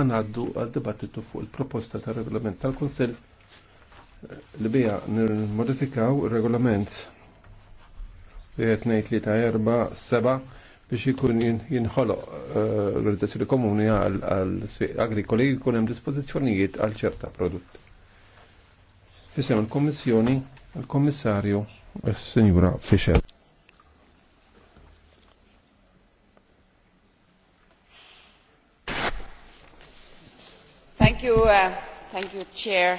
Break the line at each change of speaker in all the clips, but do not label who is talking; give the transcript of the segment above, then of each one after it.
għaddu għal dibattitu fuq il-proposta ta' regolament tal-Konsil li bija nir-modifikaw regolament li jetnejt li ta' erba seba biex ikun jinħolo eh, l-organizzazzjoni komuni għal-sfiq agrikoli jkun hemm dispożizzjonijiet għal ċerta prodotti. Fisem il-Kommissjoni, il-Kommissarju, il-Sinjura eh, Fischer.
Uh,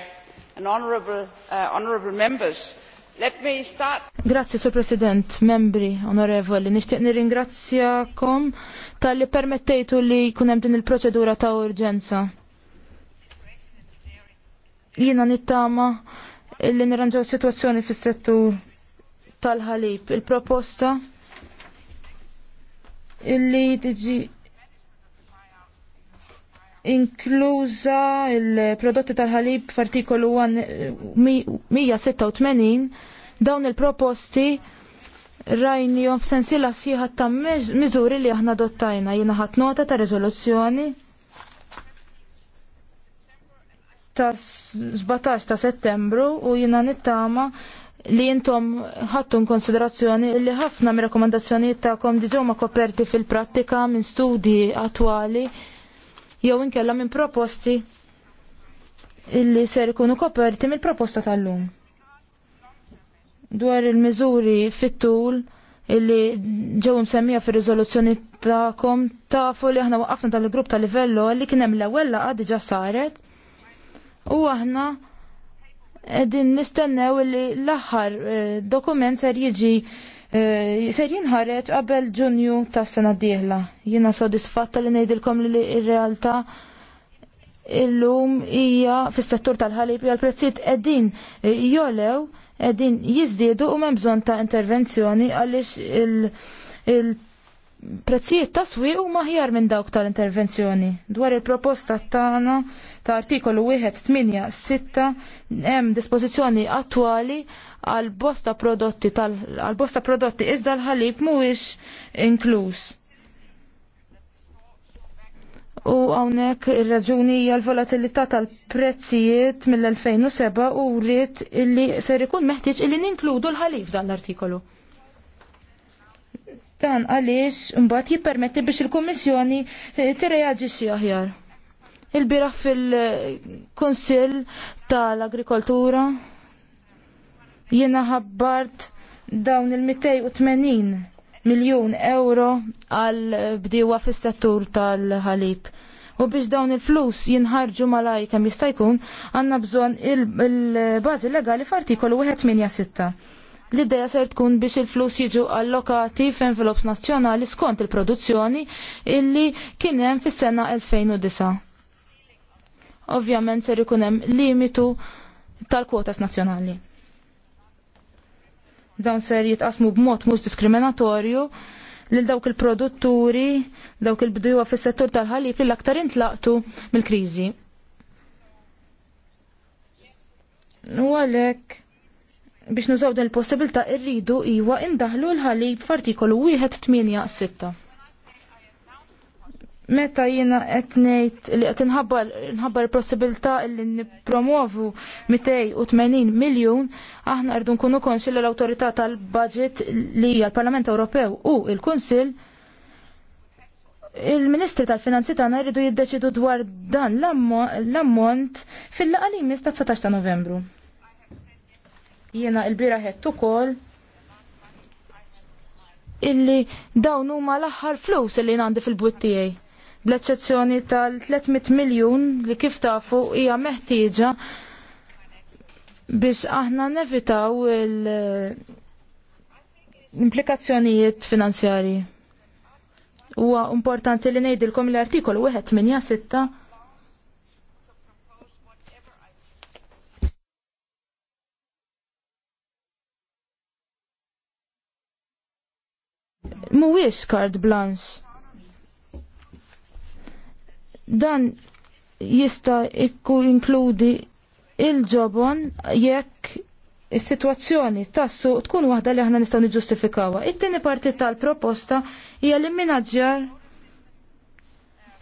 Grazie, Sur President, membri, onorevoli. Nishtiq nirringrazzjakom tal-li permettejtu li hemm din il-proċedura ta' urġenza. Jiena nittama li nirranġaw situazzjoni fis-settur tal-ħalib. Il-proposta illi tiġi inkluża il-prodotti tal-ħalib f'artikolu 186 dawn il-proposti rajnijom f'sensila sieħa ta' miżuri li aħna dottajna jiena ħat nota ta' riżoluzzjoni ta' 17 ta' settembru u jiena nittama li jintom ħattu konsiderazzjoni li ħafna mir-rekomendazzjonijiet ta'kom diġew ma' koperti fil-prattika minn studji attwali jew inkella minn proposti illi ser ikunu koperti mill-proposta tal-lum. Dwar il-miżuri fit-tul illi ġew msemmija fir-riżoluzzjoni tagħkom tafu li aħna waqafna tal-grupp tal-livello li kien hemm l-ewwel laqgħa diġà saret u aħna qegħdin nistennew li l-aħħar eh, dokument ser jiġi Eh, ser jinħareġ qabel ġunju tas sena d-dieħla. Jiena sodisfatta li ngħidilkom li r-realtà illum hija fis-settur tal-ħalib jgħal prezzit prezzijiet qegħdin eh, jolew qegħdin jiżdiedu u hemm bżonn ta' intervenzjoni għaliex il-prezzijiet il ta' swieq huma ħjar minn dawk tal-intervenzjoni. Dwar il-proposta tagħna ta' artikolu 1.8.6 hemm dispożizzjoni attwali għal bosta prodotti tal bosta prodotti iżda l-ħalib mhuwiex inkluż. U hawnhekk ir-raġuni għall l-volatilità tal-prezzijiet mill-2007 u rrid illi ser ikun meħtieġ illi ninkludu l-ħalib dan l-artikolu. Dan għaliex mbagħad jippermetti biex il-Kummissjoni tirreaġixxi aħjar. Il-biraħ fil-Konsil tal-Agrikoltura jiena ħabbart dawn il-280 miljon euro għal bdiwa fis-settur tal-ħalib. U biex dawn il-flus jinħarġu malaj kam jista' jkun, għandna bżonn il-bażi legali f'artikolu 186. L-ideja ser tkun biex il-flus jiġu allokati f'envelops nazzjonali skont il-produzzjoni illi kien hemm fis-sena 2009 ovvjament ser ikun hemm limitu tal-kwotas nazzjonali. Dawn ser jitqasmu b'mod mhux diskriminatorju lil dawk il-produtturi, dawk il-bdujwa fis-settur tal-ħalib li l-aktar intlaqtu mill-kriżi. U għalhekk biex nużaw din il-possibilità irridu iwa indaħlu l-ħalib f'artikolu 1.8.6 meta jiena qed ngħid li qed nħabbar il-possibilità li nippromovu 280 miljun, aħna rdu nkunu konsil l awtorità tal-budget li hija l-Parlament Ewropew u l-Kunsill il-Ministri tal-Finanzi tagħna jridu jiddeċidu dwar dan l-ammont fil-laqgħa li 16 ta' 19 ta' Novembru. Jiena l-bira ħedt ukoll illi dawn huma l-aħħar flus li għandi fil-bwiet tiegħi bl-eċċezzjoni tal-300 miljun li kif tafu hija meħtieġa biex aħna nevitaw l-implikazzjonijiet finanzjarji. Huwa importanti li ngħidilkom l-artikolu wieħed minja sitta Mhuwiex card blanche Dan jista' ikku inkludi il-ġobon jekk is-sitwazzjoni tassu tkun waħda li aħna nistgħu niġġustifikawha. It-tieni parti tal-proposta hija li minaġġar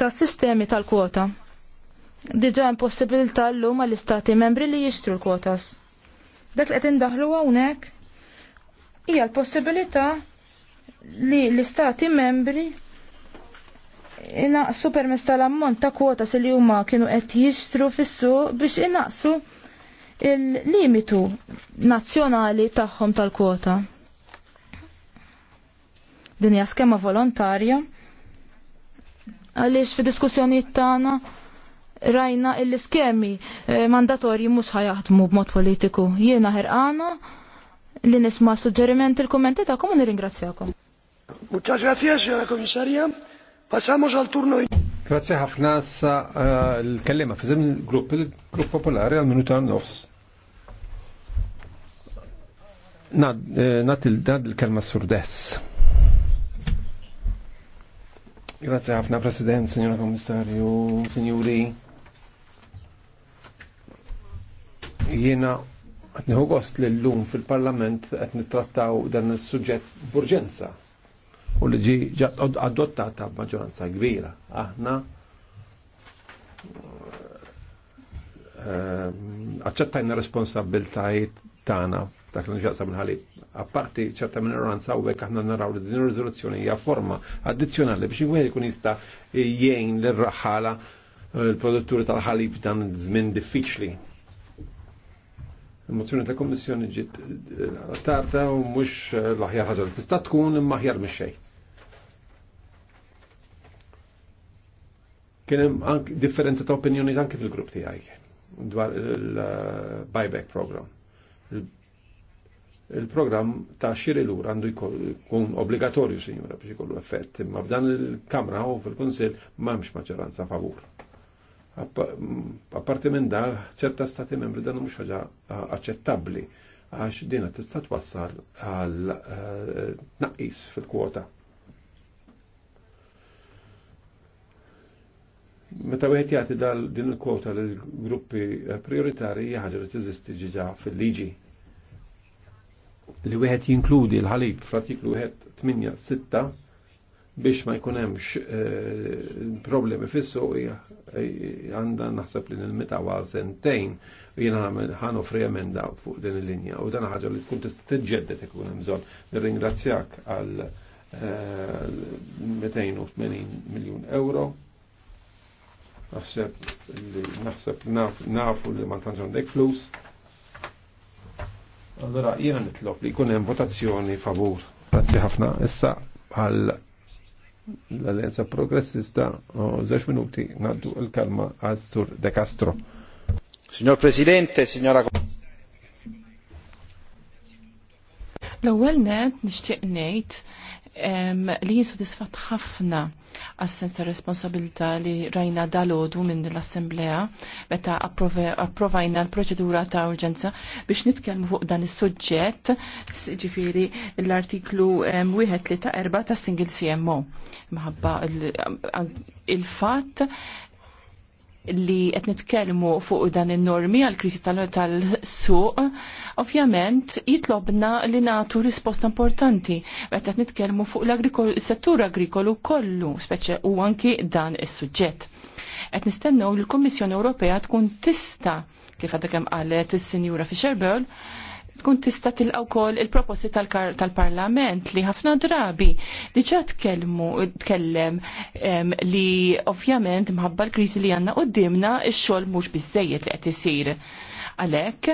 tas-sistemi tal-kwota. Diġà hemm possibilità llum għall-istati membri li jixtru l-kwotas. Dak li qed indaħlu hawnhekk hija l-possibilità li l-istati membri inaqsu permess tal-ammont ta' kwota li huma kienu qed jixtru fis-suq biex inaqsu il-limitu nazzjonali tagħhom tal-kwota. Din hija skema volontarja għaliex fi diskussjonijiet tagħna rajna l-iskemi eh, mandatorji mhux ħajaħdmu b'mod politiku. Jiena ħerqana li nisma' suġġerimenti il-kummenti tagħkom u nirringrazzjakom.
Muchas gracias, señora comisaria. Passamos al turno.
Grazie ħafna sa eh, l-kellima fi il-grupp il-grupp popolari għal minuta nofs. Nat eh, il-dad il-kelma surdess. Grazie ħafna President, Signora Kommissarju, Signori. Jiena għatniħu gost l-lum fil-Parlament għatni nittrattaw dan il-sujġet burġenza u li ġi adottata maġoranza kbira. Aħna ehm, aċċettajna responsabiltajiet tagħna dak li nġaqsa minnħalli. Apparti ċerta minoranza u għek aħna naraw li din il riżoluzzjoni hija forma addizzjonali biex wieħed ikun jista' jgħin l raħala eh, l-produtturi tal-ħalib dan żmien diffiċli. Il-mozzjoni tal-Kommissjoni ġiet eh, tarda u mhux eh, l-aħjar ħaġa li tista' tkun imma aħjar mix-xejn. Kien hemm differenza ta' opinjoni anke fil-grupp tiegħi dwar il-buyback program. Il-program ta' xiri l-ur għandu jkun obbligatorju, sinjura, biex jkollu effett, imma f'dan il-Kamra u fil-Kunsil m'hemmx maġġoranza favur. Apparti minn da, ċerta stati membri dan mhux ħaġa aċċettabbli għax dina tista' twassal għal eh, tnaqqis fil-kwota Meta wieħed jagħti dal din il-kwota l gruppi eh, prioritari hija ħaġa li tiżisti ġiġa fil-liġi. Li wieħed jinkludi l-ħalib fl-artiklu 8-6 biex ma jkun hemmx eh, problemi fissu eh, għandha naħseb li lill-meta għal sentejn jiena għan ħan emenda fuq din il-linja u dan ħaġa li tkun tista' tiġġedded jkun hemm bżonn. Nirringrazzjak għal 280 miljun euro naħseb li naħseb nafu li ma tantx għandek flus. Allora jiena nitlob li jkun hemm votazzjoni favur. Grazzi ħafna. Issa għal l-Alleanza Progressista żewġ minuti ngħaddu l-kalma għal Sur De Castro. Signor Presidente, signora
L-ewwel net nixtieq ngħid li jinsodisfat ħafna għas-sens ta' responsabilità li rajna dalodu minn l-Assemblea meta approvajna l-proċedura ta' urġenza biex nitkellmu fuq dan is-suġġett ġifieri l-artiklu li ta' erba' ta' single CMO. Maħabba il-fatt li qed nitkellmu fuq dan in-normi għal kriżi tal-suq, ovvjament jitlobna li nagħtu risposta importanti meta qed nitkellmu fuq l-settur agrikolu kollu, speċi u anki dan is-suġġett. Qed nistennew li l-Kummissjoni Ewropea tkun tista' kif għadha kemm qalet is-Sinjura Fisher tkun tista' tilqa' wkoll il-proposti tal-Parlament li ħafna drabi diġà tkellmu tkellem li ovvjament mħabba l-kriżi li għandna qudiemna x-xogħol mhux biżejjed li qed isir. Għalhekk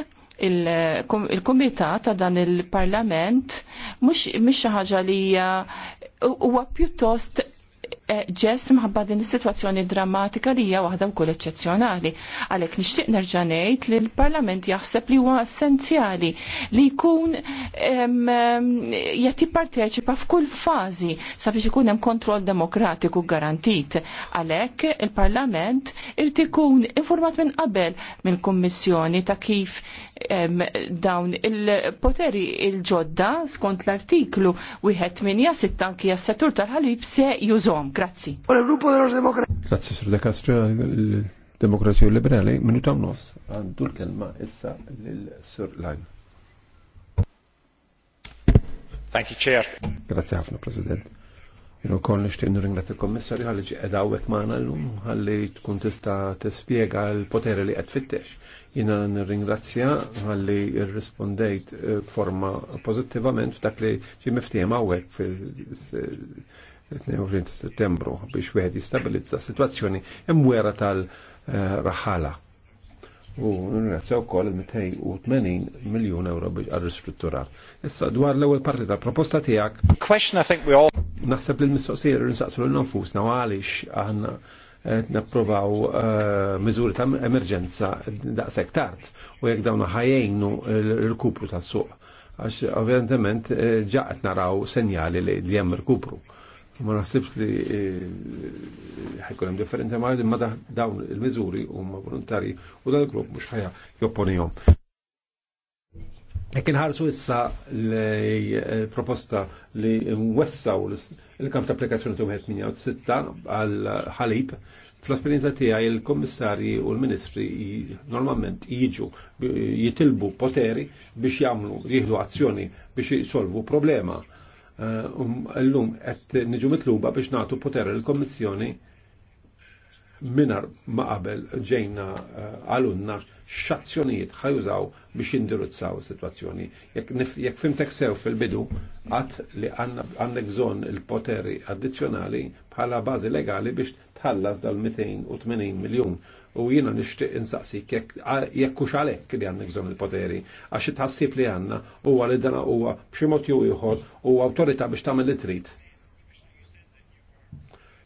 il kumitat ta' dan il-parlament mhux xi ħaġa li huwa pjuttost ġest mħabba din is-sitwazzjoni drammatika li hija waħda wkoll eċċezzjonali. Għalhekk nixtieq nerġa' ngħid li l-Parlament jaħseb li huwa essenzjali li jkun jagħti parteċipa f'kull fażi sabiex ikun hemm kontroll demokratiku garantit. Għalhekk il-Parlament irid ikun informat minn qabel mill-Kummissjoni ta' kif dawn il-poteri il-ġodda skont l-artiklu 186 anki jas-settur tal-ħalib se jużom. Grazzi. Grazzi,
Sr. De Castro, il-Demokrazija Liberali, minuta ta' nofs. Għandu l-kelma issa l-Sur Lajn. Thank you, Chair. Grazie Afna, President Jino kol nishtiq nirringrat il-kommissarju għalli ġi għedawek maħna l-lum, għalli tkun tista t-spiega l-poteri li għed fittex. Jina nirringrazzja għalli rispondejt forma pozittivament f'dak li ġi miftijem għawek fil-22 settembru biex wieħed jistabilizza situazzjoni imwera tal-raħala u n nirrazzaw kol 280 miljon euro għal ristrutturar. Issa dwar l-ewwel parti ta' proposta tijak. Question I think we all Naħseb li l-mistoqsija li nsaqsu lil nfusna għaliex aħna qed napprovaw eh, mizuri ta' emerġenza da' sektart u jek dawna ħajjejnu l kupru ta' suq Għax ovvjament eh, ġaqet naraw senjali li hemm kupru Ma naħsibx li eh, ħajkun hemm differenza ma' imma dawn il-miżuri huma volontarji u dan il-grupp mhux ħajja jopponihom. Jekk inħarsu issa l-proposta eh, li nwessaw il-kamp ta' applikazzjoni ta' sitta għal ħalib fl-esperienza tiegħi il-kommissarji u l-ministri normalment jiġu jitilbu poteri biex jagħmlu jieħdu azzjoni biex jisolvu problema. Eh, um, l-lum qed niġu mitluba biex nagħtu poter il-Kommissjoni minar ma qabel ġejna eh, għalunna xazzjonijiet ħajużaw biex indirizzaw is-sitwazzjoni. Jekk fimtek sew fil-bidu għat li għandek bżonn il-poteri addizzjonali bħala bażi legali biex tħallas dal-280 miljun u jiena nixtieq insaqsi jekk hux għalhekk li għandna bżonn il-poteri għax tħassib li għandna huwa li u huwa b'xi ju iħor ieħor u awtorità biex tagħmel li trid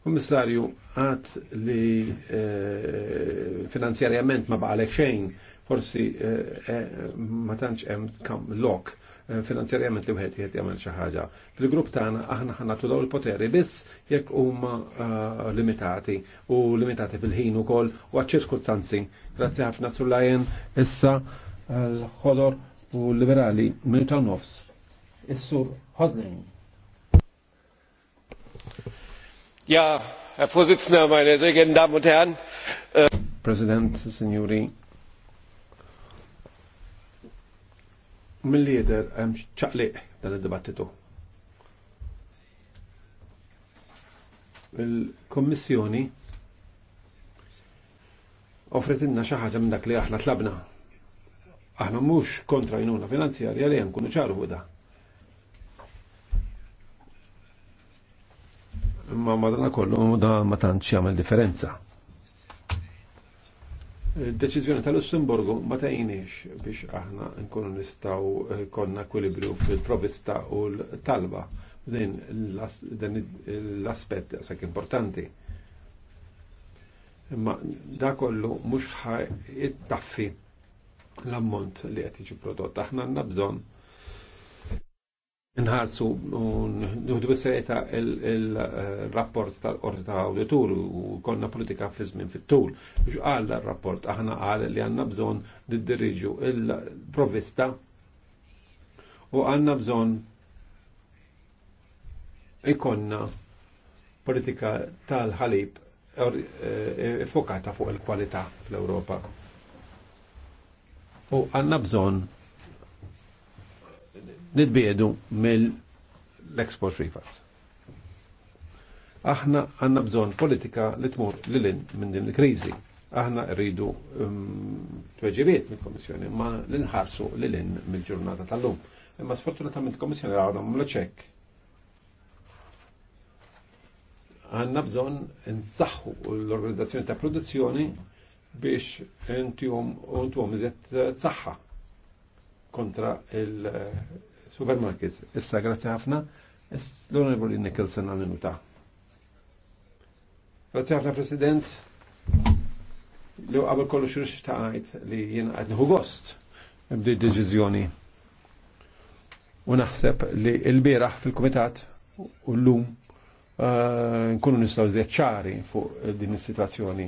Kommissarju, għat li eh, finanzjarjament ma baqalek xejn, forsi eh, eh, ma tantx hemm kam lok finanzjarjament li wieħed jgħid jagħmel xi ħaġa. Fil-grupp tagħna aħna ħanna tu dawn il-poteri biss jekk huma limitati u limitati fil-ħin ukoll u għad ċirkustanzi. Grazzi ħafna Sullajen issa l-ħodor u liberali minuta nofs. Is-sur Ja, Herr Vorsitzender, meine sehr geehrten Damen und Herren. Äh, Präsident, Signori. mill lieder hemm ċaqliq dan id-dibattitu. Il-Kommissjoni offret inna xi ħaġa minn dak li aħna tlabna. Aħna mhux kontra jnuna finanzjarja li hemm kunu ċaru da. ma madana kollu da ma tantx jagħmel differenza. Il-deċiżjoni tal-Lussemburgu ma tajniex biex aħna nkunu nistgħu eh, konna ekwilibru fil-provista u l-talba. Zin, l-aspett sak importanti. Imma da kollu mhux ħaj taffi l-ammont li qed jiġi prodott. Aħna għandna bżonn nħarsu nħudu bis-serjetà il-rapport tal-qorti ta' awditur u konna politika fi żmien fit-tul. Biex qal dar-rapport aħna qal li għandna bżonn niddirriġu il-provista u għandna bżonn ikonna politika tal-ħalib eh, eh, fokata fuq il-kwalità fl-Ewropa. U għandna bżonn nitbiedu mill-export refunds. Aħna għanna bżon politika li tmur li l-in minn din il-krizi. Aħna rridu um, tweġibiet mill-Komissjoni ma l-inħarsu li l-in mill-ġurnata tal-lum. Imma sfortunatament Kommissjoni komissjoni għadha mla ċekk. Għanna bżon nsaħħu l-organizzazzjoni ta' produzzjoni biex intuhom intuhom iżjed saħħa kontra supermarkets. Issa, grazzi ħafna, l-onorevoli Nicholson għal minuta. Grazzi ħafna, President. u għabel kollu xurx ta' għajt li jien għad gost b'di deċizjoni. U naħseb li l-biraħ fil-komitat u l-lum eh, nkunu nistaw ċari fuq din is-sitwazzjoni.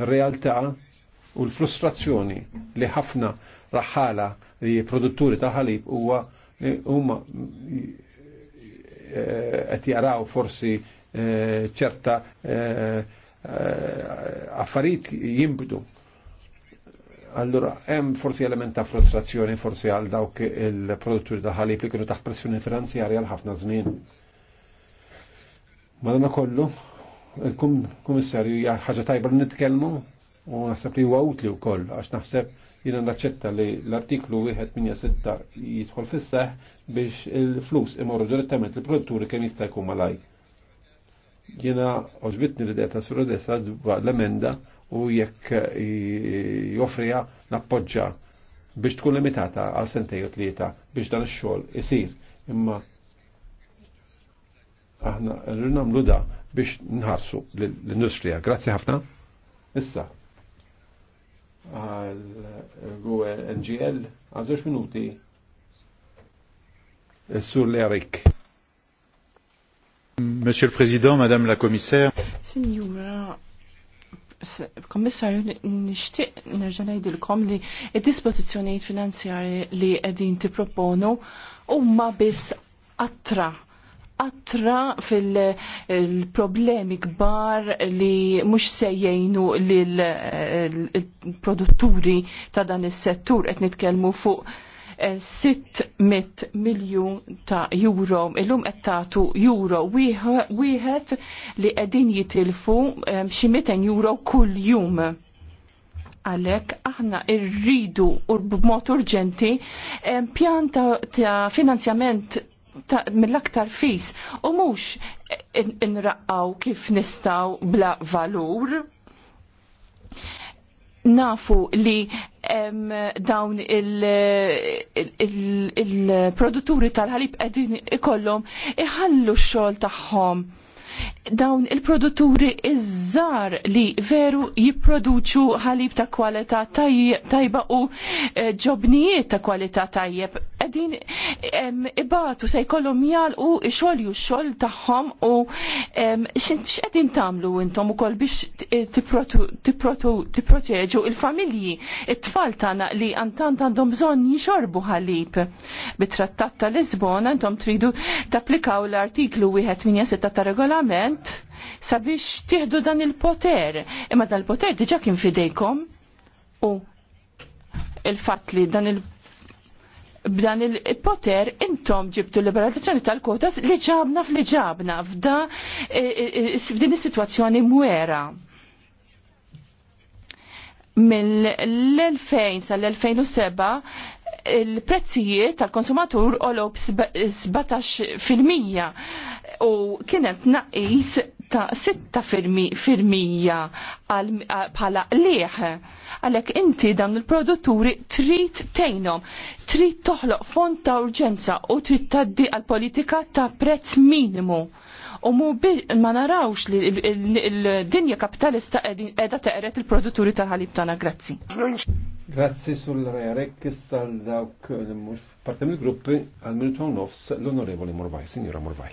Ir-realtà u l-frustrazzjoni li ħafna raħħala li produtturi ta' ħalib huwa huma eh, qed jaraw forsi eh, ċerta eh, affarijiet jimbdu. Allura hemm forsi element ta' frustrazzjoni forsi għal dawk il-produtturi ta' ħalib li kienu taħt pressjoni finanzjarja għal ħafna żmien. Madonna kollu, il-kummissarju ħaġa tajba nitkellmu U naħseb li huwa utli wkoll għax naħseb jiena naċċetta li l-artiklu 186 jidħol fis-seħ biex il-flus imorru direttament il-produtturi kemm jista' jkun malaj. Jiena oġbitni l-idea ta' Surodessa dwar l-emenda u jekk joffriha nappoġġa biex tkun limitata għal sentej u tlieta biex dan ix-xogħol isir. Imma aħna nagħmlu da biex nħarsu l-industrija. Grazzi ħafna. Issa, għal Gwe NGL għal żewġ minuti. Sur l-Erik. Monsieur le Président, Madame la Commissaire.
Signora Kommissarju, nishtiq nerġa' ngħidilkom li d dispozizjoniet finanzjari li ti proponu u ma bis attra attra fil-problemi kbar li mux sejjejnu l-produtturi eh, ta' dan is-settur qed nitkellmu fuq 600 eh, miljon ta' euro, illum qed tagħtu euro wieħed li qegħdin jitilfu eh, xi 200 euro kull jum. Għalhekk aħna rridu b'mod urġenti pjan ta' finanzjament mill-aktar fis u mhux inraqqaw kif nistaw bla valur nafu li em, dawn il-produtturi il, il, il, tal-ħalib qegħdin ikollhom iħallu x-xogħol tagħhom dawn il-produtturi iż-żar li veru jipproduċu ħalib ta' kwalità tajba u eh, ġobnijiet ta' kwalità tajjeb. Qegħdin ibatu se jkollhom u xolju ju xogħol tagħhom u x'qegħdin tagħmlu intom ukoll biex eh, tipproteġu il-familji it-tfal tagħna li antant għandhom bżonn jixorbu ħalib. Bit-trattat tal Lisbona intom tridu tapplikaw l-artiklu wieħed 1.86 ta' regolament kont sabiex tieħdu dan il-poter. Imma dan il-poter diġa kien fidejkom u il-fat li dan il- b'dan il-poter intom ġibtu liberalizzazzjoni tal-kotas li ġabna f'li ġabna f'da e, e, e, f'din is-sitwazzjoni mwera mill-2000 sal-2007 il-prezzijiet tal-konsumatur olob 17 u kienet naqis ta' 6% bħala liħ. Għalek inti dan il-produtturi trid tejnom, trid toħloq fond ta' urġenza u trid taddi għal politika ta' prezz minimu. U mu ma narawx li l-dinja kapitalista edha teqret il-produtturi tal-ħalib tagħna grazzi.
Grazzi sul-rearek sal dawk partem il-gruppi għal-minutu nofs l-onorevoli Morvaj, signora Morvaj.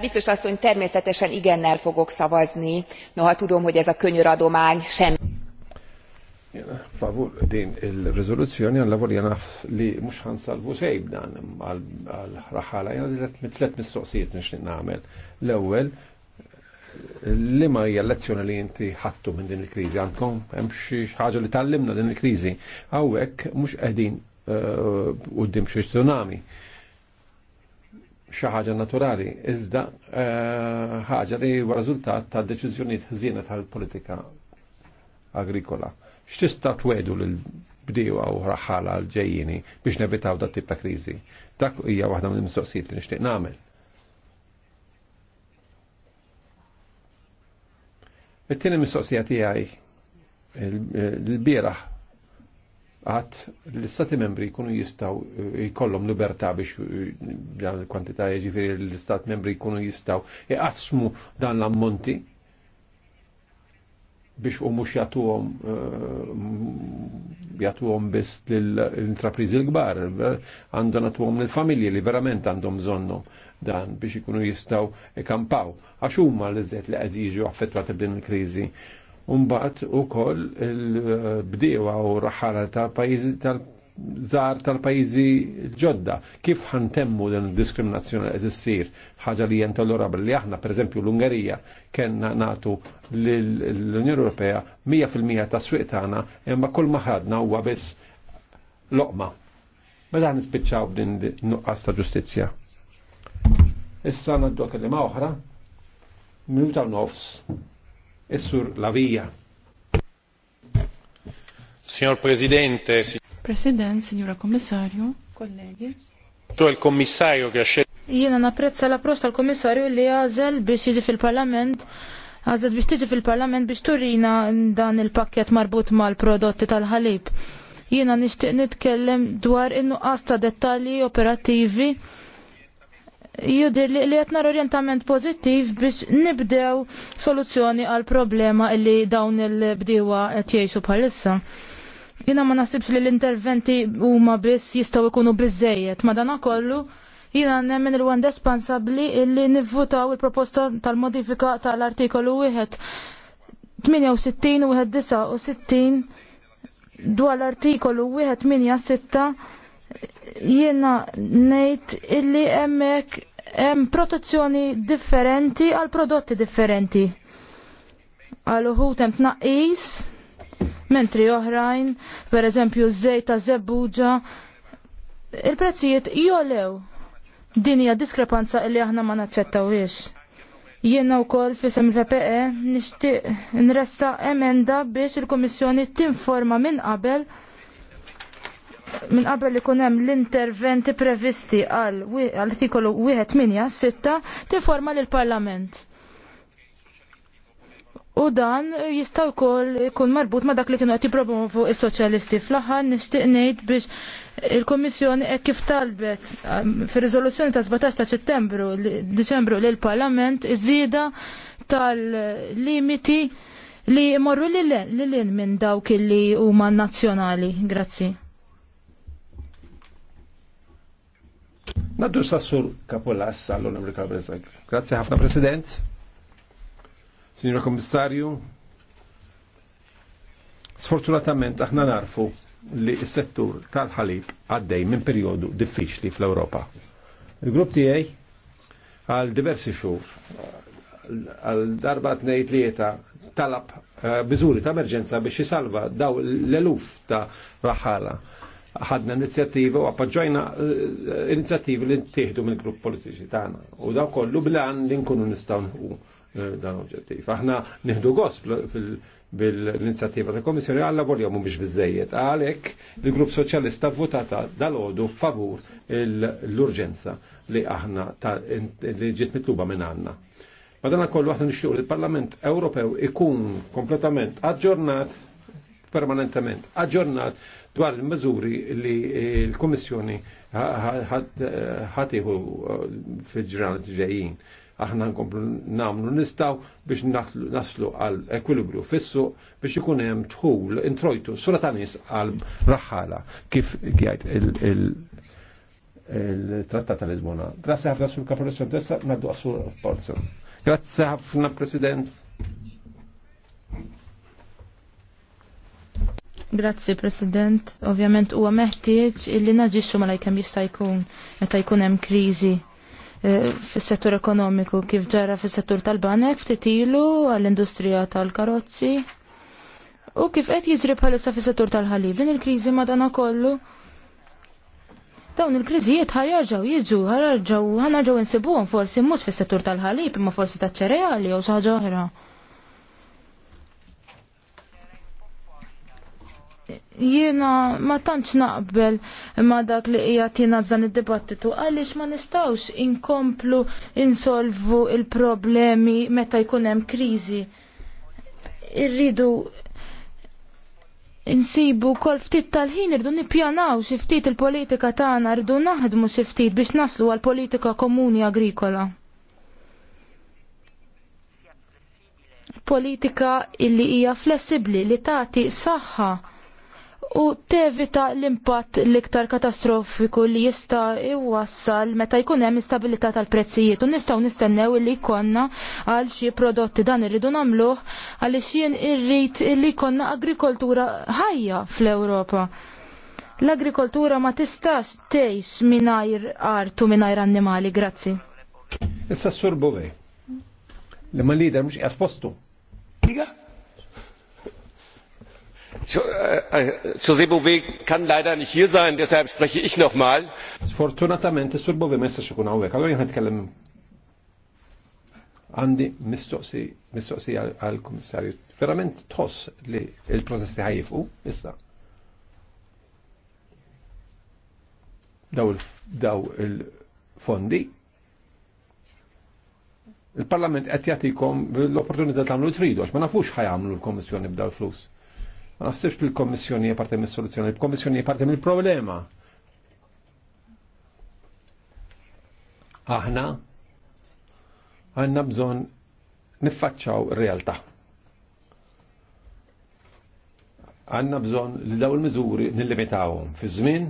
Biztos asszony, természetesen igennel fogok szavazni, noha tudom, hogy ez a könyöradomány adomány sem.
Favur din il-rezoluzzjoni għalla volja naf li mux ħansalvu sejb dan għal-raħala jgħal tlet mistoqsijiet nixni namel. L-ewel, li ma hija lezzjoni li inti ħattu minn din il-kriżi għandkom hemm xi ħaġa li tallimna din il-kriżi hawnhekk mhux qegħdin quddiem xi tsunami xi ħaġa naturali, iżda eh, ħaġa li huwa riżultat ta' deċiżjonijiet ħżiena tal-politika agrikola. X'tista' twedu lil bdiewa u raħħala l ġejjini biex nevitaw dat tip ta' kriżi. Dak hija waħda mill-mistoqsijiet li nixtieq nagħmel. it tieni mistoqsija tiegħi l-bieraħ għat l-istati membri kunu jistaw eh, jkollhom libertà biex eh, dan il-kwantità jiġifieri l istati membri kunu jistaw iqasmu dan l-ammonti biex u mux jatuhom eh, jatuhom biss l-intrapriżi l-kbar, għandhom natuhom l-familji li verament għandhom bżonnhom dan biex ikunu jistaw jkampaw għax huma l-iżet li qed jiġu affettwati b'din il-kriżi Umbat u koll il bdiwa u raħala tal-pajizi tal-żar tal-pajizi ġodda. Kif ħantemmu din diskriminazzjoni qed issir ħaġa li jentolorabli li aħna pereżempju l-Ungerija kellna natu l-Unjoni Ewropea 100% tas-swieq tagħna imma kull maħadna huwa biss loqma. Mela nispiċċaw din nuqqas ta' ġustizzja. Issa għandu kelliema oħra, minuta nofs. Is-sur e Signor Presidente, si...
President, Signora
Kommissarju,
kollegi.
Tu il ha scelto.
Jiena napprezza l-approst tal-Kommissarju li għazel biex jiġi fil-Parlament għazlet biex tiġi fil-parlament biex turina dan il-pakket marbut mal-prodotti tal-ħalib. Jiena nixtieq nitkellem dwar in-nuqqas ta' dettalji operattivi jidir li li jatnar orientament pozittiv biex nibdew soluzzjoni għal problema illi dawn il-bdiwa tjiexu bħalissa. Jina ma nasibx li l-interventi huma biss jistaw ikunu bizzejiet, ma dana kollu jina nemmen il-wan responsabli illi nivvutaw il-proposta tal-modifika tal-artikolu 1 68 u 69 dwar l-artikolu 1 6 jiena ngħid illi hemmhekk hemm protezzjoni differenti għal prodotti differenti. Għal uħut hemm tnaqqis, mentri oħrajn, pereżempju ż zejta, ta' zebbuġa, il-prezzijiet jolew. Din hija diskrepanza illi aħna ma naċċettawiex. Jiena wkoll fisem il-PPE nixtieq nressa emenda biex il-Kummissjoni tinforma minn qabel minn qabel li kunem l-interventi previsti għal artikolu 1.8.6 tinforma l parlament U dan jistaw kol kun marbut ma dak li kienu għati promovu il-soċjalisti. Fl-ħar nishtiq nejt biex il-Komissjoni e kif talbet um, fir rizoluzzjoni ta' 17 ta' ċettembru, Deċembru li l-Parlament iżida tal-limiti li morru li l-in minn dawk li huma nazzjonali. Grazzi.
Naddu sassur kapolas għall Amerika Kabezak. Grazie ħafna President. Signor Kommissarju, sfortunatament aħna narfu li s-settur tal-ħalib għaddej minn periodu diffiċli fl-Europa. Il-grupp tijaj għal diversi xur, għal darba li tlieta talab bizuri eh, ta' emerġenza biex jisalva daw l-eluf ta' raħala ħadna inizjattiva u appoġġajna eh, inizjattivi li ntieħdu mill-grupp politiċi tagħna. U daw kollu blan li nkunu nistgħu nħu eh, dan oġġettiv. Aħna nieħdu gost bil-inizjattiva ta' komissjoni għal volja mhumiex biżejjed. Għalhekk il-Grupp Soċjalista votata dal-għodu favur l-urġenza li aħna li ġiet mitluba minn għandna. Madana kollu għahna nixtiequ li l-Parlament Ewropew ikun kompletament aġġornat permanentament aġġornat dwar il-mażuri li l komissjoni ħatiħu uh, fil-ġranet ġejjin. Aħna nkomplu namlu nistaw biex naslu għal ekwilibru fissu biex ikun hemm tħul introjtu sura ta' nies għal raħala kif jgħid il-Trattat tal-Lisbona. Grazzi ħafna sur Kapolessjon dessa naddu għasur Polson. Grazzi ħafna President.
Grazzi, President. Ovvjament huwa meħtieġ illi naġixxu malaj kemm jista' jkun meta jkun hemm kriżi eh, fis-settur ekonomiku kif ġara fis-settur tal-banek ftit ilu għall-industrija tal-karozzi u kif qed jiġri bħalissa fis-settur tal-ħalib. Din il-kriżi madana kollu dawn il-kriżijiet ħarġaw jiġu, ħarġaw ħanarġaw insibuhom forsi mhux fis-settur tal-ħalib imma forsi taċ-ċereali jew xi ħaġa oħra. jiena ma tantx naqbel ma dak li hija tina f'dan id-dibattitu għaliex ma nistgħux inkomplu insolvu il-problemi meta jkun hemm kriżi. Irridu insibu kol ftit tal-ħin irdu nippjanaw xi ftit il-politika tagħna rridu naħdmu xi ftit biex naslu għall politika komuni agrikola. Politika illi hija flessibbli li tagħti saħħa u tevita l-impatt l-iktar katastrofiku li jista' iwassal meta jkun hemm instabilità tal-prezzijiet u nistgħu nistennew li jkollna għal xi prodotti dan irridu nagħmluh għaliex jien irrid li jkollna agrikoltura ħajja fl-Ewropa. L-agrikoltura ma tistax tgħix mingħajr art u mingħajr annimali, grazzi.
Issa s-sur Bove. L-ma lider mhux qiegħed postu. Diga? José äh, äh, Bové kann leider nicht hier sein, deshalb spreche ich nochmal. Sfortunatamente, Sur Bové ma jistax ikun hawnhekk, allura jien kellem għandi mistoqsi għal-Kummissarju. Verament tħoss li il-protesti ħajfu issa. Daw il-fondi il-Parlament qed jagħtikom l-opportunità tagħmlu tridu għax ma nafux ħajamlu l-Kommissjoni b'dal flus. Ma naħsibx li l-Kommissjoni hija mis-soluzzjoni, l-Kommissjoni hija parti mill-problema. Aħna għandna bżonn niffaċċaw ir-realtà. Għandna bżonn li dawn il-miżuri nillimitawhom fi żmien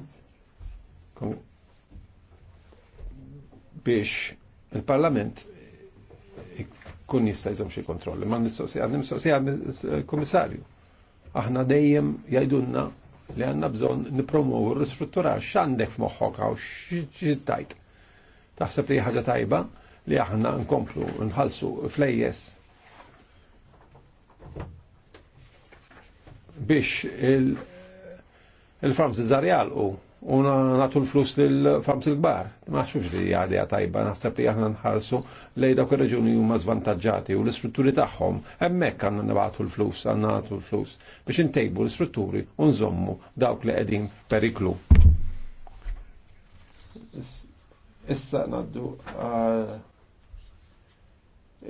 biex il-Parlament kun jista' jżomm xi kontrolli. Ma' mistoqsija għal-mistoqsija eh, aħna dejjem jajdunna li għanna bżon nipromovu r-ristruttura f f'moħħok għaw x'tajt. Taħseb li ħaġa tajba li aħna nkomplu nħallsu flejjes biex il-farms iżarjal u u natu l-flus l-farms il-gbar. xux li għadija tajba, naħseb li aħna nħarsu li dak il-reġuni huma zvantagġati u l-istrutturi tagħhom hemmhekk għandna nibgħatu l-flus, għandna nagħtu l-flus biex intejbu l-istrutturi u nżommu dawk li qegħdin f'periklu. Issa naddu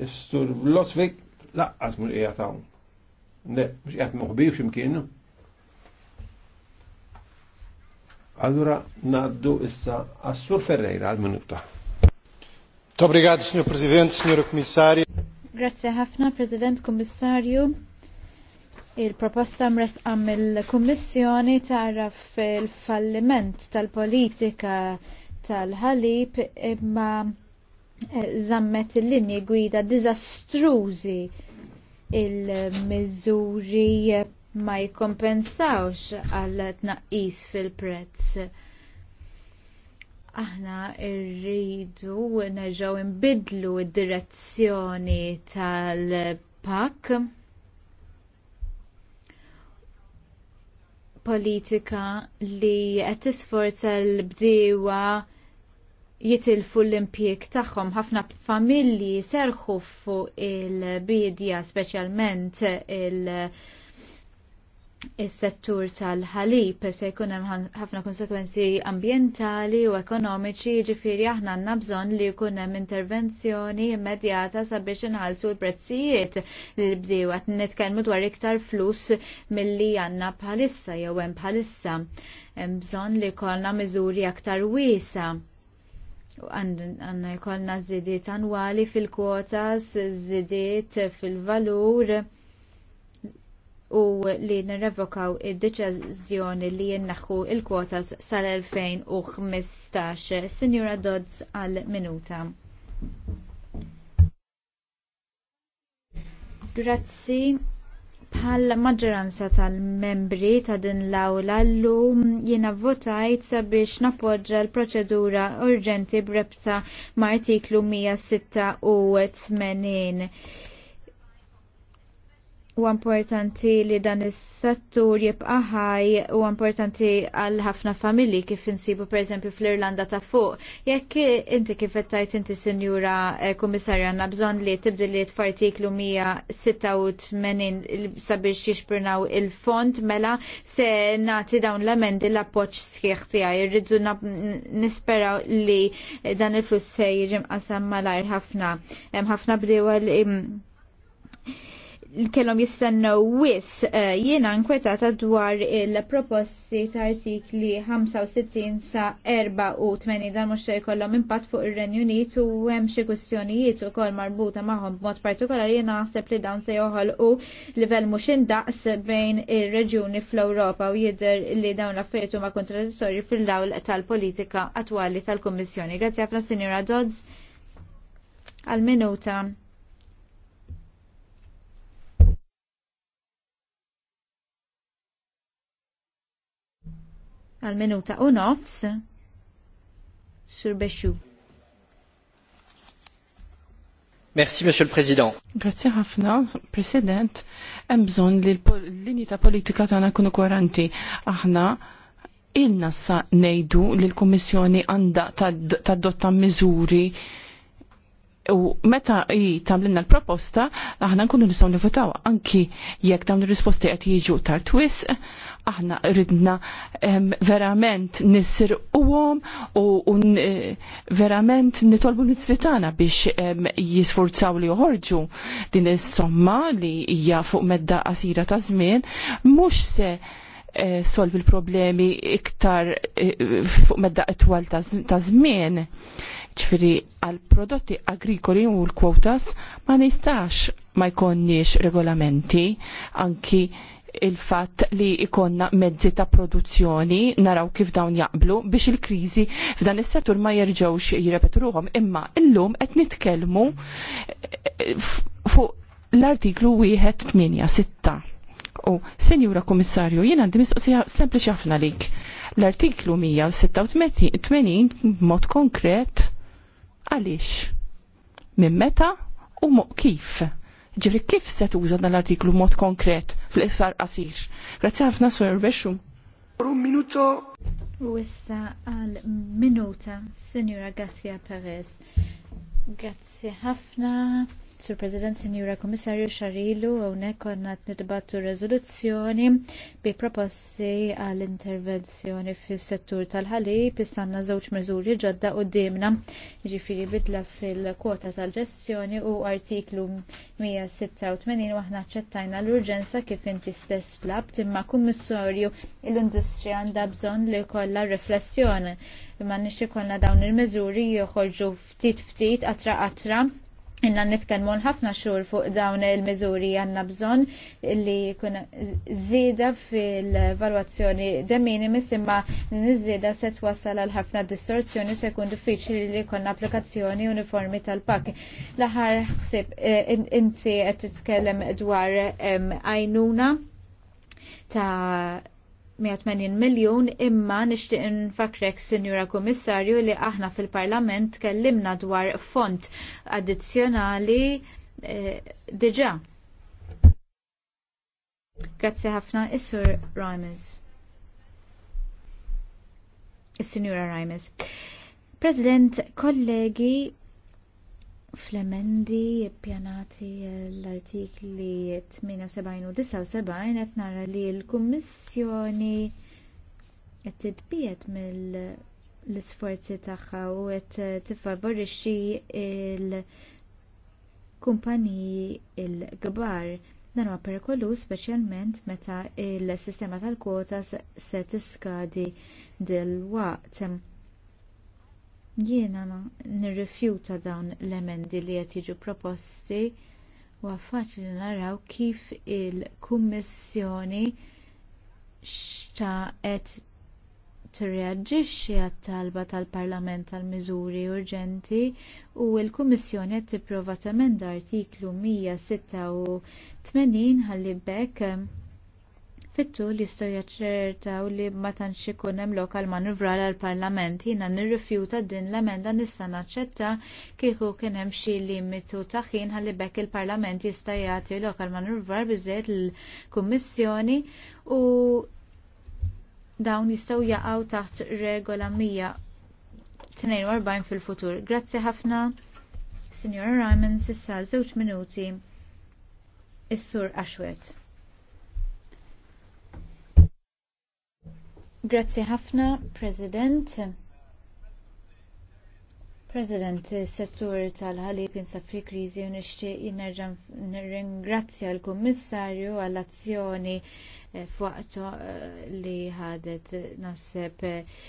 Is-sur Vlosvik laqqas mur qiegħed hawn. Le, mhux qiegħed moħbib x'imkienu. Allura naddu issa Assur Ferreira għal minuta. Tobrigad, signor President, signor Kommissarju.
Grazie ħafna, President Kommissarju. Il-proposta għam il kummissjoni taraf il-falliment tal-politika tal-ħalib imma eh, zammet il-linji gwida dizastruzi il-mizzuri ma jikkompensawx għal tnaqqis fil-prezz. Aħna rridu nerġgħu nbidlu d-direzzjoni tal-pak politika li qed tisforza l-bdiewa jitilfu l impjieg tagħhom ħafna familji serħu fuq il-bidja speċjalment il-, -bidja, is-settur tal-ħalib se jkun hemm ħafna konsekwenzi ambjentali u ekonomiċi, jiġifieri aħna għandna bżonn li jkun hemm intervenzjoni immedjata sabiex inħallsu l-prezzijiet li bdew qed nitkellmu dwar iktar flus milli għandna bħalissa jew hemm bħalissa. Hemm bżonn li jkollna miżuri aktar wiesa għandna jkollna żidiet annwali fil-kwotas, żidiet fil-valur. fil kwotas żidiet fil valur u li nirrevokaw id deċiżjoni li jinnaħħu il-kwotas sal-2015. Sinjura Dodds għal-minuta. Grazzi bħal maġġoranza tal-membri ta' din l-awla llum jiena votajt sabiex nappoġġa l-proċedura urġenti brebta ma' artiklu 186 U importanti li dan is-settur jibqa' ħaj u importanti għal ħafna familji kif insibu pereżempju fl-Irlanda ta' fuq. Jekk inti kif qed tajt inti Sinjura eh, Kummissarja għandna bżonn li tibdiliet f'artiklu 186 sabiex jixpurnaw il-fond mela se nagħti dawn l-amendi l-appoġġ sħiħ tiegħi. Irridu nisperaw li dan il-fluss se jiġi mqasam malajr ħafna. Hemm ħafna bdiewa li mm, kellhom jistennew wis eh, jiena nkwetata dwar il-proposti ta' artikli 65 sa 84 dan mhux se jkollhom impatt fuq ir-Renju Unit u hemm xi kwistjonijiet ukoll marbuta magħhom b'mod partikolari jiena naħseb li dawn se joħolqu livell mhux indaqs bejn ir-reġjuni fl-Ewropa u jidher li dawn l-affarijiet huma kontradittorji fil-dawl tal-politika attwali tal-Kummissjoni. Grazzi ħafna Sinjura Dodds għal-minuta. għal minuta u nofs
sur Bexxu. Merci, Monsieur le Président. Grazie ħafna, President. Hemm bżonn li l-linji ta' politika tagħna jkunu koranti. Aħna ilna sa ngħidu li l-Kummissjoni għandha tadotta miżuri u meta i tamlinna l-proposta, aħna nkunu nistgħu nifutaw anki jekk dawn ir-risposti qed jiġu tard wisq aħna ridna verament u għom u e, verament nitolbu nisritana biex jisforzaw li uħorġu din is-somma li hija fuq medda qasira ta' żmien mhux se e, solvi l-problemi iktar e, fuq medda itwal ta' żmien ċifiri għal prodotti agrikoli u l-kwotas ma nistax ma jkonniex regolamenti anki il-fatt li ikonna mezzi ta' produzzjoni naraw kif dawn jaqblu biex il-krizi f'dan is-settur ma jerġgħux jirrepetruhom imma illum qed nitkellmu fuq l-artiklu 186. U Senjura kummissarju, jien għandi mistoqsija sempliċi ħafna lik. L-artiklu 186 mod konkret għaliex minn meta u kif Ġifri kif se tuża dan l-artiklu mod konkret fl-issar qasir? Grazzi ħafna Swer Bexxu.
Un minuto. U issa għal minuta, Senjora Garcia Perez. Grazzi ħafna. Sur President, Sinjura Commissario Xarilu, hawnhekk konna qed nidbattu rezoluzzjoni bi proposti għall-intervenzjoni fis settur tal-ħalib, pissanna żewġ miżuri ġodda qudiemna jiġifieri bidla fil-kwota tal-ġestjoni u artiklu 186 u aħna aċċettajna l-urġenza kif inti stess tlab imma kummissarju l-industrija għandha bżonn li jkollha riflessjoni. imma nixi konna dawn il miżuri joħorġu ftit ftit, qatra qatra. Inna nitkelmu ħafna xhur fuq dawn il-miżuri għandna bżonn li kuna żieda fil valuazzjoni de minimis imma nizida se wassal għal ħafna distorzjoni se kun diffiċli li jkollna applikazzjoni uniformi tal-pak. L-aħħar ħsib eh, inti qed titkellem dwar għajnuna ta' 180 miljon imma nixtieq nfakrek Sinjura komissarju li aħna fil-Parlament kellimna dwar font addizzjonali eh, diġà. Grazzi ħafna is-Sur Rimes. Is-Sinjura Rimes. President, kollegi, Fl-emendi pjanati l-artikli 78 u 79 qed nara li l-Kummissjoni qed titbiet mill l-isforzi tagħha u qed tiffavorixxi l kumpaniji l-kbar. Dan huwa perikolu speċjalment meta s sistema tal-kwotas se tiskadi dil-waqt Jiena nirrifjuta dawn l-emendi li qed jiġu proposti u faċli naraw kif il-Kummissjoni xta qed tirreaġixxi għat-talba tal-Parlament tal miżuri urġenti u l-Kummissjoni qed tipprova temenda artiklu 186 ħalli bekk fit-tul jistgħu jaċċertaw li ma tantx ikun hemm lokal manuvrar għall parlament jiena nirrifjuta din l-emenda nista' naċċetta kieku kien hemm xi limitu ta' ħin ħalli bekk il-Parlament jista' jagħti lokal manuvrar biżżejjed il-Kummissjoni u dawn jistgħu jaqgħu taħt regola 142 fil-futur. Grazzi ħafna. Signora Ryman, sissa żewġ minuti. Is-sur Ashwet. Grazzi ħafna, President. President, settur tal-ħalib jinsab fi kriżi u nixtieq nerġa' l-Kummissarju għall-azzjoni eh, fuqto eh, li ħadet naħseb eh,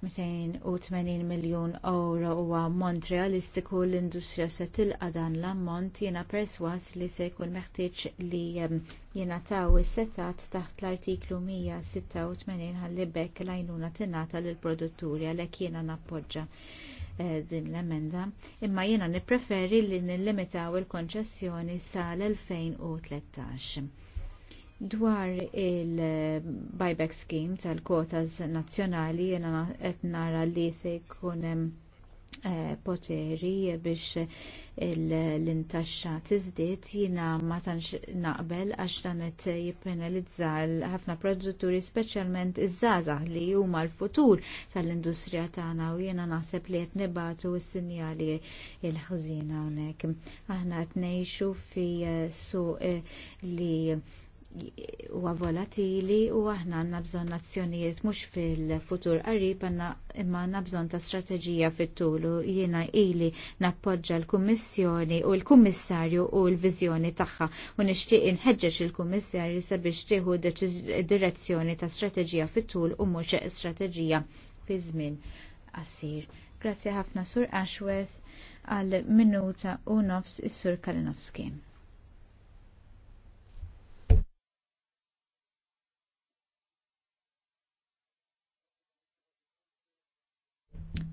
280 miljon euro huwa ammont realistiku l-industrija se tilqa dan l-ammont jiena perswas li se jkun meħtieġ li ehm, jingħataw is-setat taħt l-artiklu 186 ħalli bekk l-għajnuna tingħata lill produtturi għalhekk jiena nappoġġa eh, din l-emenda, imma jiena nippreferi li nillimitaw il-konċessjoni sal-2013. Dwar il-buyback scheme tal-kwotas nazzjonali jena qed nara li se jkun hemm eh, poteri biex l-intaxxa tiżdied jiena ma tantx naqbel għax dan qed jippenalizza ħafna produtturi speċjalment iż-żgħażagħ li huma l-futur tal-industrija tagħna u jiena naħseb li qed nibatu s-sinjali l-ħżiena hawnhekk. Aħna qed ngħixu fi eh, suq eh, li huwa volatili u aħna għandna bżonn azzjonijiet mhux fil-futur qarib għandna imma għandna bżonn ta' strateġija fit-tul u jiena ili nappoġġa l-Kummissjoni u l-Kummissarju u l-viżjoni tagħha u nixtieq inħeġġeġ il-Kummissarju sabiex tieħu direzzjoni ta' strateġija fit-tul u mhux strateġija fi żmien qasir. Grazzi ħafna Sur Ashworth għal minuta u nofs is-Sur Kalinowski.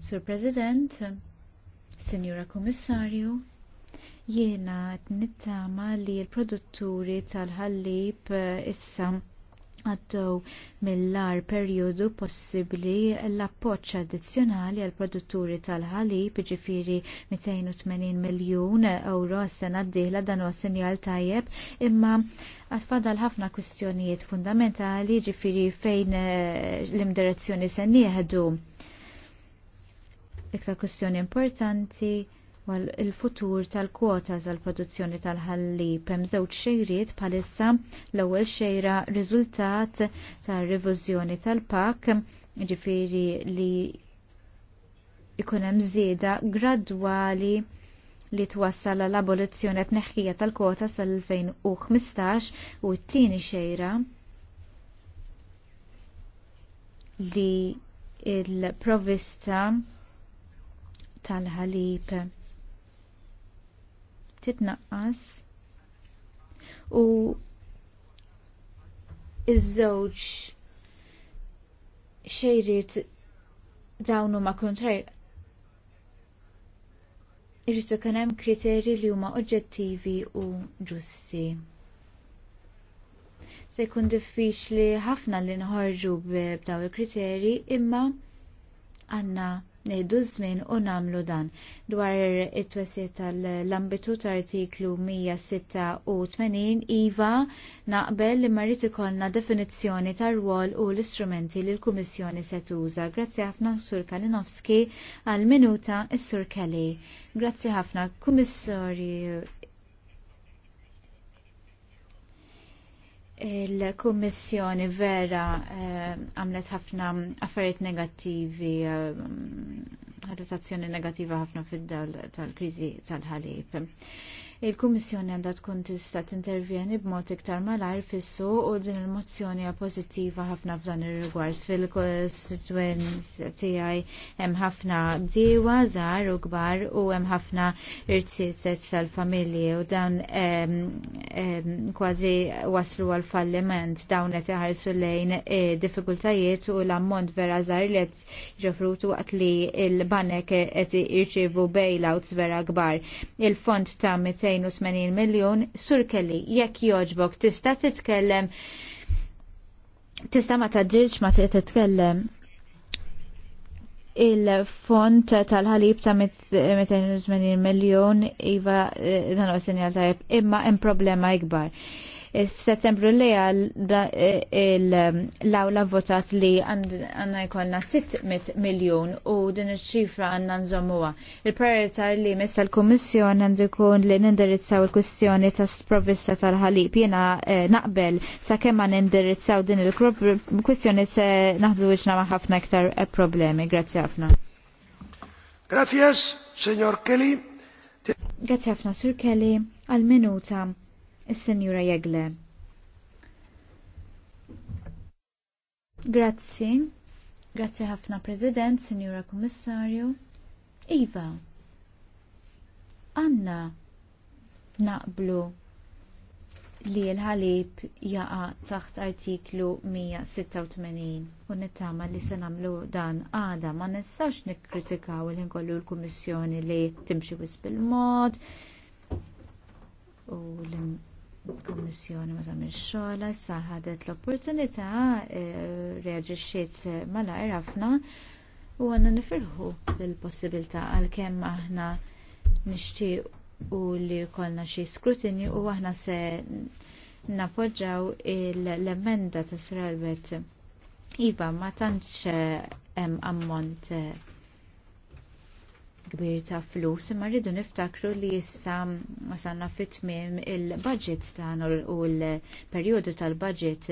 Sur President, Sinjura Kommissarju, jiena qed nittama li l-produtturi tal-ħallib eh, issa għaddew mill-lar periodu possibbli l appoġġ addizzjonali għall produtturi tal-ħalib jiġifieri 280 miljun euro s sena d-dieħla dan huwa sinjal tajjeb imma għatfadal ħafna kwistjonijiet fundamentali jiġifieri fejn eh, l-imdirezzjoni se nieħdu iktar kwestjoni importanti għal il-futur tal-kwotas għall produzzjoni tal-ħallib hemm żewġ xejriet bħalissa l-ewwel xejra riżultat tar-reviżjoni tal-pak ġifieri li ikun hemm żieda gradwali li twassal għal abolizzjoni qed neħħija tal-kwota sal-2015 u t-tieni xejra li l provista tal-ħalib titnaqqas u iż-żewġ xejriet dawn huma kontrar irrid ikun hemm kriterji li huma oġġettivi u ġusti. Se jkun diffiċli ħafna li nħorġu b'dawn il-kriterji imma għandna ngħidu żmien u nagħmlu dan. Dwar it-twessiet tal-ambitu ta' artiklu 186 iva naqbel li marrit ikollna definizzjoni tar-rwol u l-istrumenti li l-Kummissjoni se tuża. Grazzi ħafna Sur Kalinowski għal minuta is-Sur Kelly. Grazzi ħafna Kummissarju Il-Kummissjoni vera eh, għamlet ħafna affarijiet negattivi, eh, adattazzjoni negattiva ħafna fid-dal tal-kriżi tal-ħalib il-Kummissjoni għandha tkun tista' tintervjeni b'mod iktar malajr fissu u din il-mozzjoni hija pożittiva ħafna f'dan ir-rigward fil-kostituenza tiegħi hemm ħafna diwa żgħar u kbar u hemm ħafna irtiset tal-familji u dan kważi waslu għal falliment dawn qed iħarsu lejn e, diffikultajiet u l-ammont vera żgħar li qed ġofrutu waqt li l-banek qed irċievu bailouts vera kbar. Il-fond ta' 280 miljon. Sur Kelly, jekk joġbok, tista' titkellem Tista' ma taġġilx ma titkellem il-font tal-ħalib ta' 280 miljon iva dan huwa sinjal tajb imma hemm problema ikbar. F'Settembru li e, um, l-awla votat li għanna jkollna 600 miljon u din iċ-ċifra għanna nżommuha. il prioritar li messa l-Kummissjon għandu jkun li nindirizzaw il-kwistjoni ta' sprovvista tal-ħalib. Jiena e, naqbel sakemm ma nindirizzaw din il-kwistjoni se naħdu wiċna ma' ħafna iktar e, problemi. Grazzi ħafna. Grazie, signor Kelly. Grazie ħafna, Sur Kelly, għal-minuta Is-Sinjura Jegle. Grazzi. Grazzi ħafna President, Sinjura Kommissarju. Iva. Anna naqblu li l-ħalib jaqa taħt artiklu 186 u nittama li se nagħmlu dan għada ma nistax nikkritikaw il kollu l-Kummissjoni li timxi wisp bil-mod u l Kommissjoni ma tagħmel xogħol issa ħadet l-opportunità eh, reaġixxiet malajr ħafna u għandna nifirħu l-possibilità għalkemm aħna nixtiequ li jkollna xi skrutinju u aħna se nappoġġaw l-emenda ta' Sir Albert. Iva, ma tantx eh, hemm ammont eh, kbir ta' flus, imma rridu niftakru li issa għasanna fit-tmiem il-budget tagħna u l-perjodu tal-budget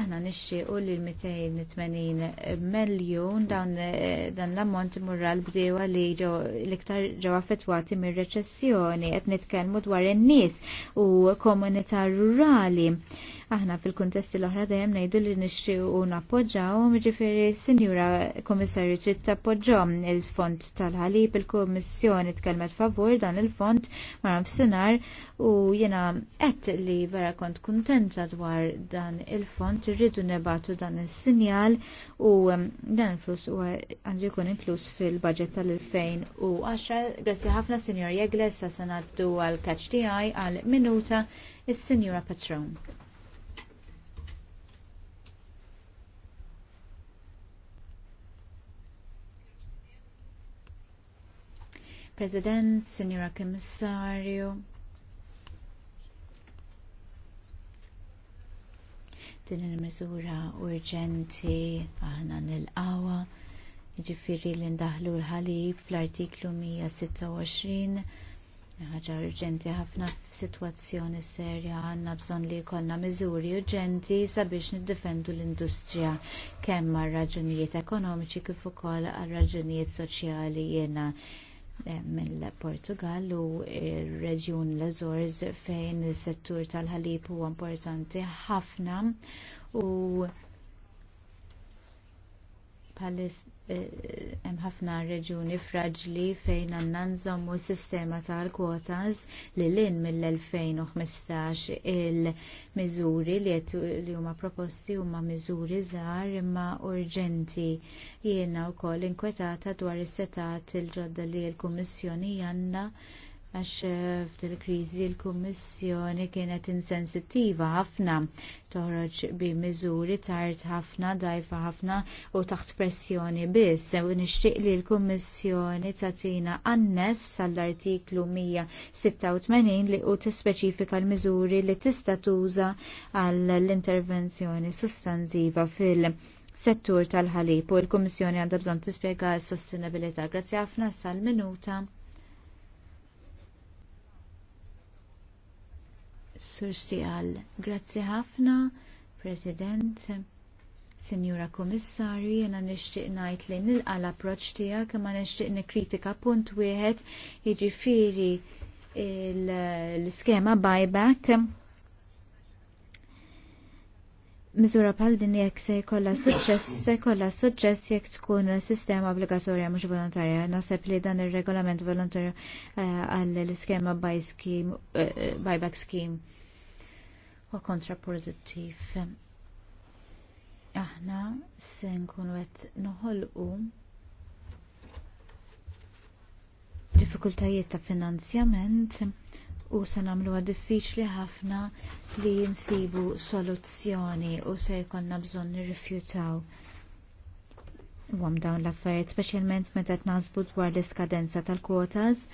aħna nixxiequ u l-280 miljun dan, l-ammont murra l-bdewa li l-iktar ġew affettwati mir-reċessjoni qed nitkellmu dwar in-nies u komunità rurali Aħna fil kontesti l-oħra dejjem ngħidu li nixtiequ nappoġġawhom, jiġifieri Sinjura komissarju trid tappoġġhom il-fond tal-ħalib, il-Kummissjoni tkellmet favur dan il-fond mara f'sinar u jiena qed li vera kont kuntenta dwar dan il-fond irridu nebatu dan is-sinjal u dan il-flus huwa għandu jkun inkluż fil-budget tal-2010. Grazzi ħafna Sinjor Jegles sa sanaddu għal kaċ tiegħi għal minuta is-Sinjura Patron. President, Signora Commissario, Din il-miżura urġenti aħna nil-qawa ġifiri li ndaħlu l-ħalib fl-artiklu 126 ħaġa urġenti ħafna f'sitwazzjoni serja għandna bżonn li jkollna miżuri urġenti sabiex niddefendu l-industrija kemm għal raġunijiet ekonomiċi kif ukoll għal raġunijiet soċjali jiena Eh, mill-Portugal u r-reġjun l-Azores fejn is settur tal-ħalib huwa importanti ħafna u palis Eh, hemm ħafna reġuni fraġli fejn għandna nżommu s sistema tal-kwotas li lin mill-2015 il-miżuri li li huma proposti huma miżuri żgħar imma urġenti. Jiena wkoll inkwetata dwar is-setat il-ġodda li l-Kummissjoni għandna għax eh, f'dil kriżi l-Kummissjoni kienet insensittiva ħafna toħroġ bi miżuri tard ħafna, dajfa ħafna u taħt pressjoni biss. U nixtieq li l-Kummissjoni tagħtina annes għall-artiklu 186 li u tispeċifika l-miżuri li tista' tuża għall-intervenzjoni sostanziva fil- settur tal-ħalib u l-Kummissjoni għandha bżonn tispjega s-sostenibilità. Grazzi ħafna sal-minuta. Sur grazzi ħafna, President, Sinjura Komissarju, jena nixtieq ngħid li nilqa l-approċċ tiegħek imma nixtieq nikkritika punt wieħed jiġifieri l-iskema buyback Miżura bħal din jekk se jkollha suċċess, se jkollha suċċess jekk tkun sistema obbligatorja mhux volontarja. Naħseb li dan ir-regolament volontarju eh, għall iskema eh, buyback scheme u kontraproduttiv. Aħna se nkunu qed u diffikultajiet ta' finanzjament u se nagħmluha diffiċli ħafna li jinsibu soluzzjoni u se jkollna bżonn nirrifjutaw għom dawn l-affarijiet, speċjalment meta tnażbu dwar l-iskadenza tal-kwotas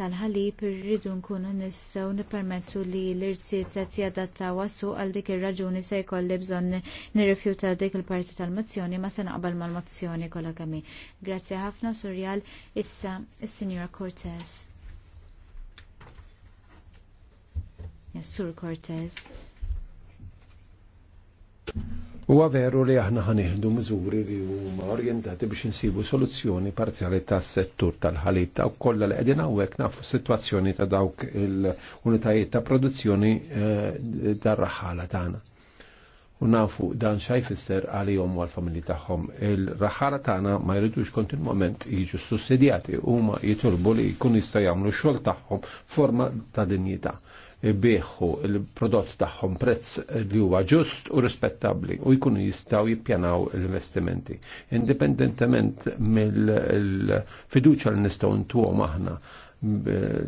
tal-ħalib irridu nkunu nistgħu nippermettu li l-irsiet se jadattaw għas-suq għal dik ir-raġuni se jkolli bżonn nirrifjuta dik il-parti tal-mozzjoni ma se naqbel mal-mozzjoni kollha kemm Grazzi ħafna Surjal issa is-Sinjura Cortez. Sur Cortez.
Huwa veru li aħna ħanieħdu miżuri li huma orjentati biex insibu soluzzjoni parzjali tas-settur tal-ħalib ta' kollha li qegħdin hawnhekk nafu s-sitwazzjoni ta' dawk il-unitajiet ta' produzzjoni eh, tar-raħala tagħna. U nafu dan xaj fisser għalihom u għall-familji tagħhom. Il-raħala tagħna ma jridux kontinwament jiġu sussidjati huma jitolbu li jkun jista' jagħmlu x-xogħol tagħhom forma ta' dinjità. Ta bieħu il-prodott tagħhom prezz li huwa ġust u rispettabbli u jkunu jistgħu jippjanaw l-investimenti. Indipendentement mill-fiduċa li nistgħu ntuhom aħna eh,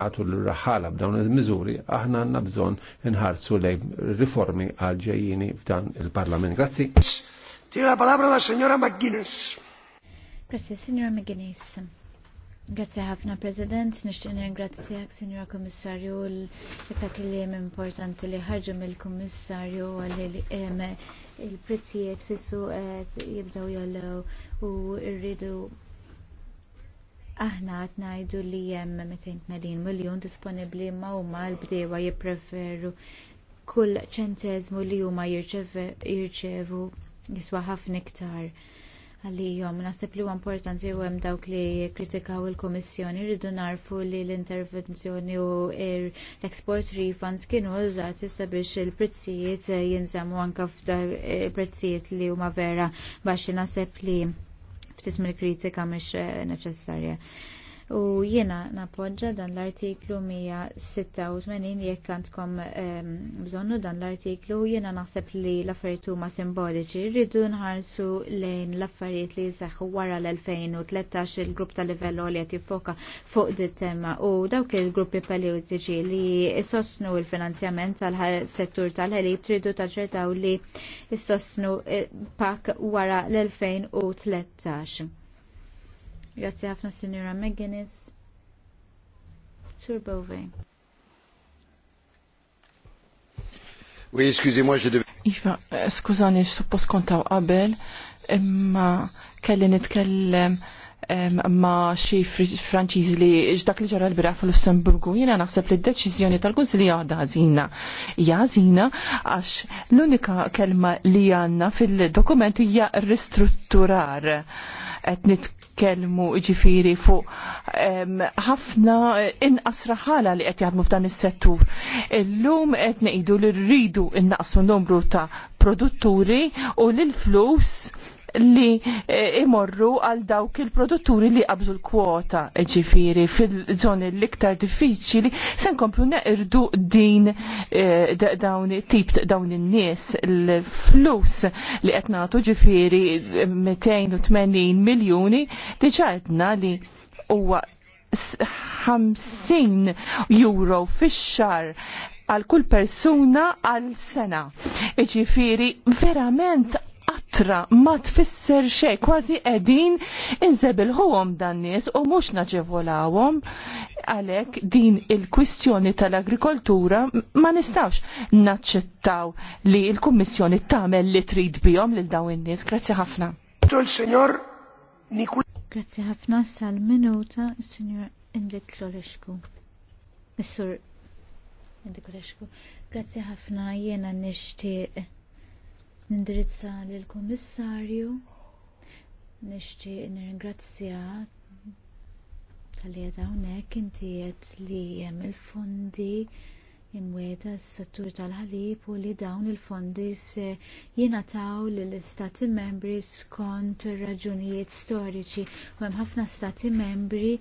natu l-raħala b'dawn il-miżuri, aħna għandna bżonn inħarsu lejn riformi għal ġejjini f'dan il-Parlament. Grazzi. Tira la palabra la signora McGuinness. Grazie,
signora McGuinness. Grazie ħafna President, nixtieq ringrazzjak Signora kommissarju l li jem importanti li ħarġu mill-Kummissarju jem il-prezzijiet fissu jibdew jollew u rridu aħna qed ngħidu li hemm 280 disponibli disponibbli imma huma l-bdewa jippreferu kull ċenteżmu li huma jirċevu jiswa ħafna iktar jom, Nasib li huwa importanti u hemm dawk li kritikaw il-Komissjoni rridu narfu li l-intervenzjoni u l-export refunds kienu użati sabiex il-prezzijiet jinżamu anka f'prezzijiet eh, li huma vera baxxi nasib li ftit mill-kritika mhix eh, neċessarja u jiena napoġġa dan l-artiklu 186 jekk għandkom ehm, bżonnu dan l-artiklu jiena naħseb li l-affarijiet huma simboliċi rridu nħarsu lejn l-affarijiet li jseħħu wara l-2013 il-grupp ta' livell li qed jiffoka fuq dit tema u dawk il-gruppi politiċi li sosnu l-finanzjament tal-settur tal-ħelib tridu taċċertaw li sosnu eh, pak wara l-2013 Grazie ħafna Signora McGuinness. Sur Bove.
Oui, excusez-moi, je devais... Iva, eh, skużani, suppost kontaw qabel, imma kelli nitkellem ma xi Franċiżi li ġdak li ġara l-bira fil-Lussemburgu, jiena naħseb li d-deċiżjoni tal-Kunsil għadha ħażina. Hija għax l-unika kelma li għandna fil-dokument hija ristrutturar qed nitkellmu ġifiri fuq ħafna inqas raħala li qed jaħdmu f'dan is-settur. Illum qed ngħidu li rridu innaqsu numru ta' produtturi u l-flus li eh, imorru għal dawk il-produtturi li qabżu l-kwota ġifiri fil-żoni l-iktar diffiċili se nkomplu neqirdu din eh, dawn tip dawn in-nies l-flus li qed nagħtu ġifiri 280 miljuni diġà għedna li huwa 50 euro fix-xar għal kull persuna għal sena. Iġifiri, verament kontra ma tfisser xej, kważi qegħdin inżebilħuhom dan nies u mhux naġevolawhom għalhekk din il-kwistjoni tal-agrikoltura ma nistawx naċċettaw li l-Kummissjoni tagħmel li trid bihom lil dawn in-nies. Grazzi ħafna.
Grazzi ħafna sal-minuta, Signor Indik Lolesku. Missur Indik Lolesku. Grazzi ħafna jiena nixtieq Nindirizza lill kummissarju nixtieq nirringrazzja tal-li hawnhekk inti qed li hemm il-fondi imwieta s-settur tal-ħalib u li dawn il-fondi se jingħataw lill istati membri skont raġunijiet storiċi u hemm ħafna stati membri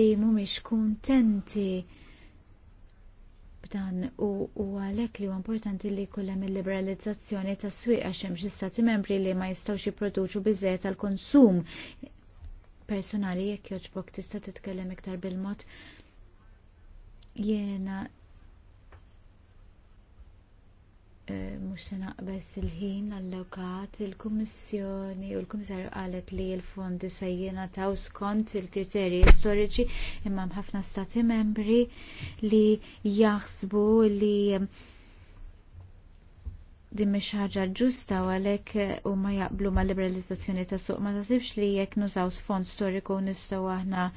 li mhumiex kuntenti dan u għalek li huwa importanti li jkun il-liberalizzazzjoni tas-swieq għax hemm membri li ma jistgħux jipproduċu biżżejjed għal konsum personali jekk jogħġbok tista' titkellem iktar bil-mod jiena Eh, mux naqbess il-ħin allokat il-Kummissjoni u l-Kummissarju qalet li l-fondi se jingħataw skont il-kriterji storiċi imma ħafna stati membri li jaħsbu li ehm, din mhix ħaġa ġusta u għalhekk eh, huma jaqblu mal liberalizzazzjoni tas suq ma tasibx li jekk nużaw sfond storiku nistgħu aħna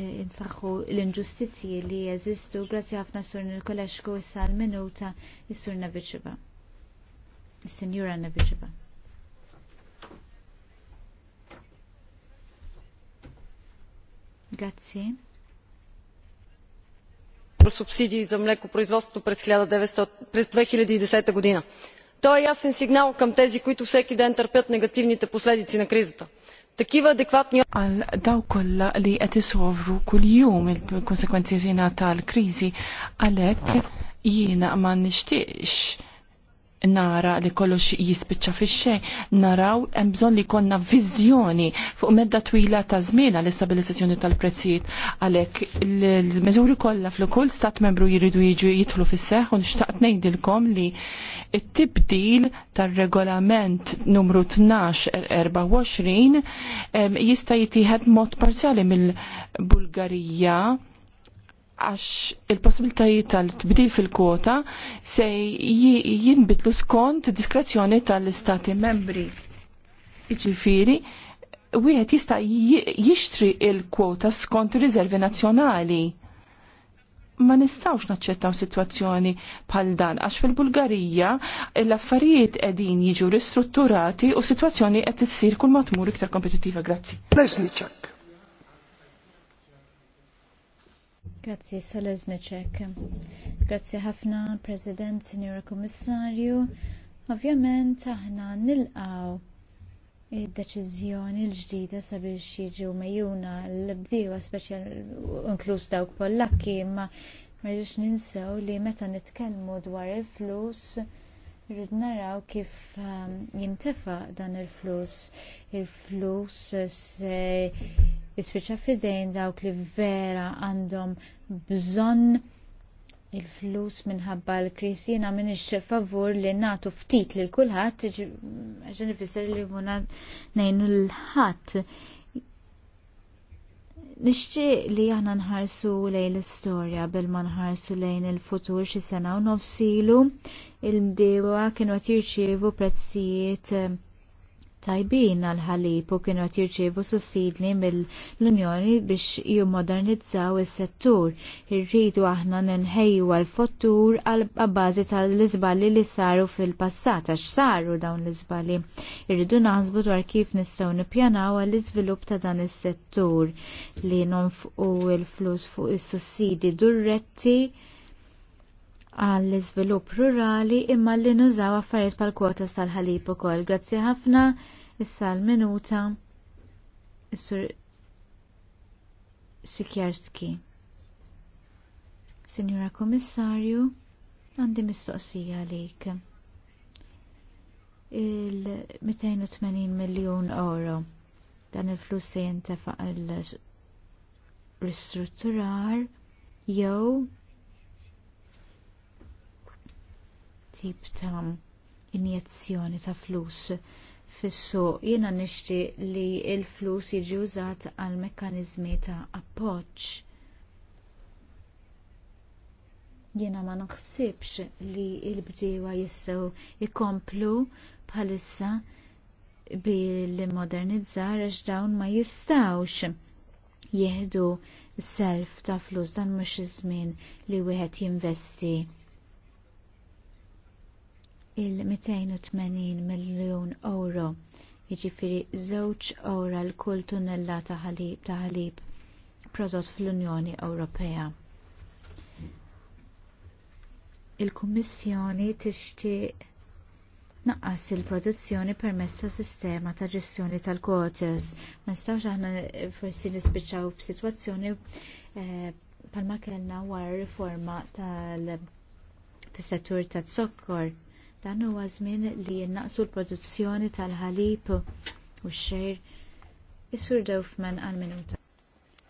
insaħħu l-inġustizji li jeżistu grazzi ħafna s-surni sur Nikoleċku issa l-minuta s sur Naviċiba. Is-Sinjura Naviċiba.
Grazie субсидии за млекопроизводството през, 2010 година. Той е ясен сигнал към тези, които всеки ден търпят негативните последици на кризата.
Такива адекватни... Għal daw kolla li għet isovru kull il-konsekwenzi zina tal-krizi, għalek jiena ma nishtiqx nara li kollox jispiċċa fix-xejn, naraw hemm bżonn li jkollna viżjoni fuq medda twila ta' żmien għall istabilizzazzjoni tal-prezzijiet għalhekk il-miżuri kollha fl-kull stat membru jridu jiġu jidħlu fis-seħħ u nixtaqt ngħidilkom li it-tibdil tar-regolament numru 12-24 jista' jitieħed mod parzjali mill-Bulgarija għax il-possibilitajiet tal-tbdil fil-kwota se jinbidlu skont diskrezzjoni tal-istati membri. Iġifiri, wieħed jista' jixtri il-kwota skont riservi nazzjonali. Ma nistawx naċċettaw situazzjoni bħal dan għax fil-Bulgarija l-affarijiet qegħdin jiġu ristrutturati u situazzjoni qed issir kull ma tmur iktar kompetittiva. Grazzi.
Grazzi, Solezneċek. Grazzi ħafna, President, Signora Kommissarju. Ovvjament, aħna nilqaw id-deċiżjoni l-ġdida sabiex jiġu mejuna l-bdiewa speċjal inkluż dawk pollakki imma rridx ninsew li meta nitkellmu dwar il-flus rrid naraw kif um, jintefa' dan il-flus il-flus se jisfiċa fidejn dawk li vera għandhom bżonn il-flus minħabba l krisi jena minix favur li natu ftit li l-kulħat għaxan ifisser li muna nejnu l-ħat Nixċi li aħna nħarsu lejn l-istorja bil ma nħarsu lejn il-futur xi sena u nofsilu il-mdewa kienu qed jirċievu prezzijiet eh, tajbin għal-ħalib u kienu għat jirċevu sussidli mill-Unjoni biex jimmodernizzaw is-settur. Irridu aħna nenħejju għal-fottur għal-bazi tal lizballi li saru fil-passat, għax saru dawn l-izballi. Irridu naħsbu dwar kif nistgħu nippjanaw għall-iżvilupp ta' dan is-settur li nonfqu l-flus fuq is-sussidi durretti għall iżvilupp rurali imma li nużaw affarijiet pal kwotas tal-ħalib ukoll. Grazzi ħafna, issa l-minuta, is-sur Sikjarski. Signora Komissarju, għandi mistoqsija għalik. Il-280 miljon euro dan il-flus se jintefaq il-ristrutturar jew tip ta' injezzjoni ta' flus fis-suq. Jiena nixtieq li l flus jiġi użat għal mekkaniżmi ta' appoġġ. Jiena ma naħsibx li l-bdiewa jistgħu jkomplu bħalissa bil-modernizzar għax dawn ma jistawx jieħdu self ta' flus dan mhux iż-żmien li wieħed jinvesti il-280 miljun euro jiġifieri żewġ ora l-kull tunnella ta' ħalib prodott fl-Unjoni Ewropea. Il-Kummissjoni tixtieq naqqas il-produzzjoni permessa ta' sistema ta' ġestjoni tal kotes Ma nistgħux aħna forsi nispiċċaw f'sitwazzjoni bħalma eh, kellna wara riforma tal-settur tas-sokkor Dan huwa żmien li jinnaqsu l-produzzjoni tal-ħalib u x-xejr. Isur
Dawfman għal minuta.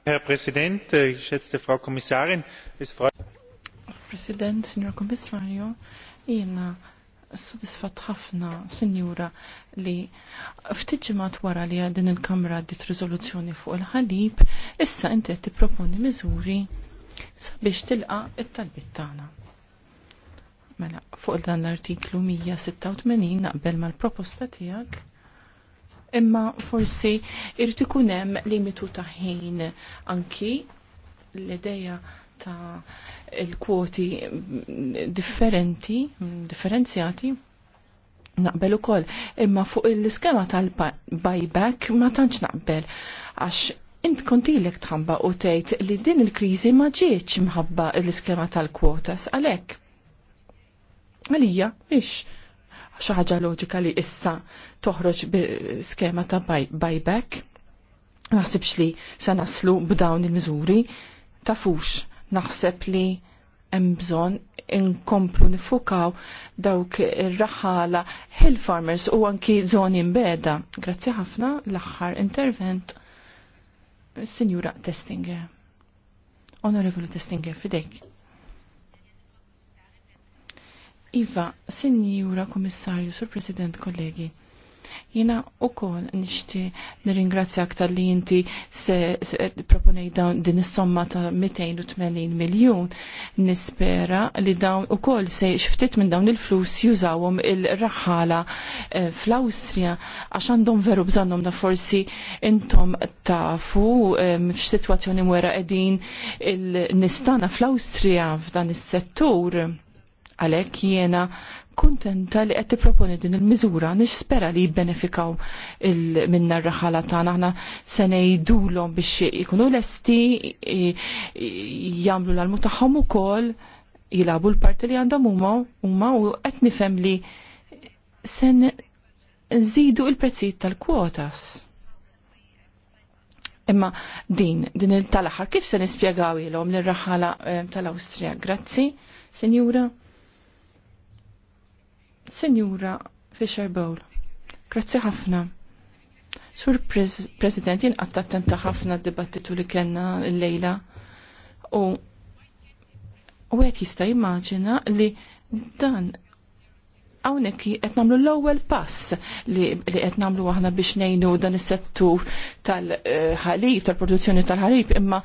Herr Präsident, äh, geschätzte Frau Kommissarin, es freut President, Signor Kommissarju, jiena sodisfat ħafna, Sinjura, li ftit wara li din il-Kamra dit Rizoluzzjoni fuq il-ħalib, issa inti qed tipproponi miżuri sabiex tilqa' it-talbit tagħna. Mela, fuq dan l-artiklu 186 naqbel mal-proposta tiegħek. Imma forsi irrid ikun hemm limitu ta' ħin anki l ideja ta' il-kwoti differenti, differenzjati, naqbel ukoll. Imma fuq l-iskema tal-buyback ma tantx naqbel għax int kontilek tħamba u tgħid li din il-kriżi ma ġietx mħabba l-iskema tal-kwotas għalhekk Għalija, ix xaħġa loġika li issa toħroġ skema ta' buyback. Naħsibx li se naslu b'dawn il-miżuri, tafux naħseb li hemm bżonn inkomplu nifukaw dawk ir-raħala hill farmers u anki żoni mbeda. Grazzi ħafna l-aħħar intervent. Sinjura Testinger. Onorevoli Testinger, fidejk. Iva, Sinjura Komissarju, Sur President, kollegi, jina u kol nishti nir-ingrazzjak li inti se, se proponej dawn din is-somma ta' 280 miljon nispera li dawn u kol se xiftit minn dawn il-flus jużawhom il-raħala eh, fl-Awstrija għax għandhom veru bżannom da forsi intom tafu eh, f'sitwazzjoni mwera qegħdin il-nistana fl-Awstrija f'dan is-settur Għalhekk jiena kuntenta li qed tipproponi din il-miżura nispera li jibbenefikaw minna r-raħala tagħna aħna se ngħidulhom biex ikunu lesti jagħmlu l-almu tagħhom ukoll jilabu l-parti li għandhom huma huma u qed nifhem li se nżidu il-prezzijiet tal-kwotas. Imma din, din il tal kif se nispjegawilhom lir raħala eh, tal-Awstrija? Grazzi, Sinjura. Senjura Fisher Bowl, grazzi ħafna. Sur President, jien qatt attenta ħafna d-dibattitu li kellna l-lejla u u għet jista jimmaġina li dan hawnhekk qed namlu l-ewwel pass li qed namlu aħna biex ngħinu dan is-settur tal-ħalib, tal-produzzjoni tal-ħalib, imma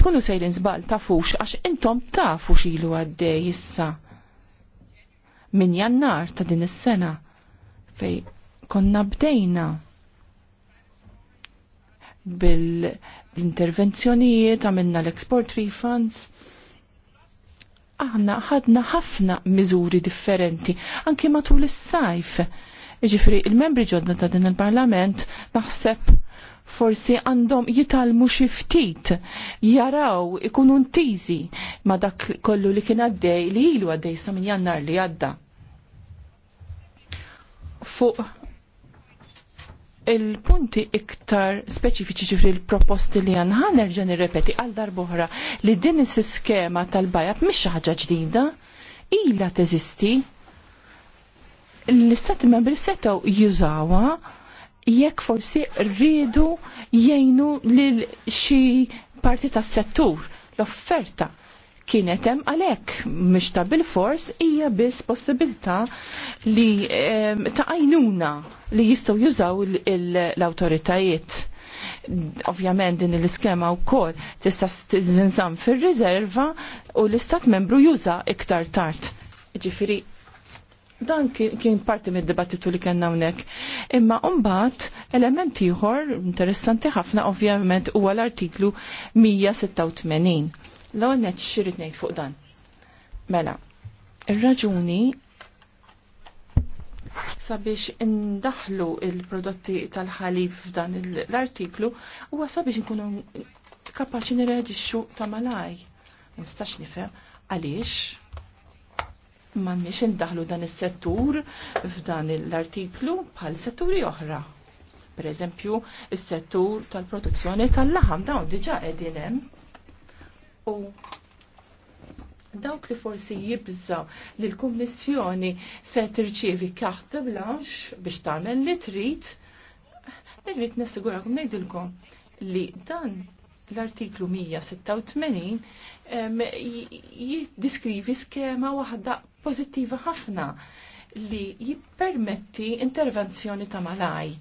tkunu sejrin żbal tafux għax intom tafux ilu għaddej issa minn jannar ta' din is-sena fej konna bdejna bil-intervenzjonijiet għamilna l-export refunds aħna ħadna ħafna miżuri differenti anki matul is-sajf. Iġifri, il-membri ġodda ta' din il-parlament naħseb forsi għandhom jitalmu xi ftit jaraw ikunu ntiżi ma dak kollu li kien għaddej li ilu għaddej sa minn jannar li għadda fuq il-punti iktar speċifiċi ċifri l-proposti li għanħa nerġa nirrepeti għal darbohra li din is-skema tal-bajab mish ħaġa ġdida, ila teżisti, l-istati membri setaw jużawa jekk forsi rridu jgħinu lil xi parti tas-settur l-offerta kienet hemm għalhekk mhix ta' bilfors hija biss possibilità li ta' għajnuna li jistgħu jużaw l-awtoritajiet. Ovvjament din l-iskema wkoll tista' tinżamm fir-riserva u l-istat membru juża iktar tard. Ġifieri dan kien parti mid dibattitu li kellna hawnhekk. Imma mbagħad element ieħor interessanti ħafna ovvjament huwa l-artiklu 186 l net xirrit nejt fuq dan. Mela, il-raġuni sabiex indaħlu il-prodotti tal-ħalif f'dan l-artiklu huwa sabiex nkunu kapaċi nireġixxu ta' malaj. Nistax nifhem għaliex m'għandniex indaħlu dan is-settur f'dan l-artiklu bħal setturi oħra. Per eżempju, il settur tal-produzzjoni tal-laħam dawn diġà qegħdin hemm u dawk li forsi jibżaw li l-Kummissjoni se tirċievi kaħta blanx biex tagħmel li trid, irrid kum ngħidilkom li dan l-artiklu 186 jiddiskrivi skema waħda pozittiva ħafna li jippermetti intervenzjoni ta' malaj.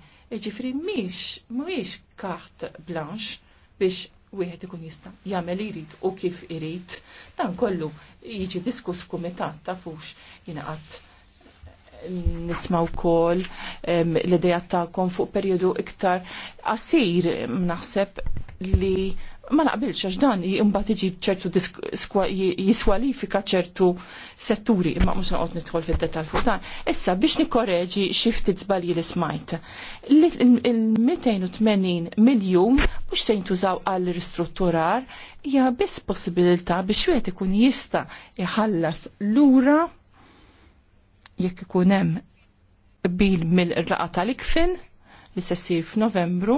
Ġifri miex, miex kaħt blanx biex wieħed ikun jista' jagħmel irid u kif irid. Dan kollu jiġi diskuss kumitat tafux jiena qatt nismaw kol l-idejat tagħkom fuq perjodu iktar qasir naħseb li ma naqbilx għax dan jimbat iġib ċertu jiswalifika ċertu setturi, imma mux naqot nidħol fil-detal fuq dan. Issa biex nikorreġi xifti zbalji li smajt. Il-280 miljon mux se jintużaw għall ristrutturar hija biss possibilità biex wieħed ikun jista' jħallas lura jekk ikun hemm bil mill irlaqa tal-ikfin li se ssir f'Novembru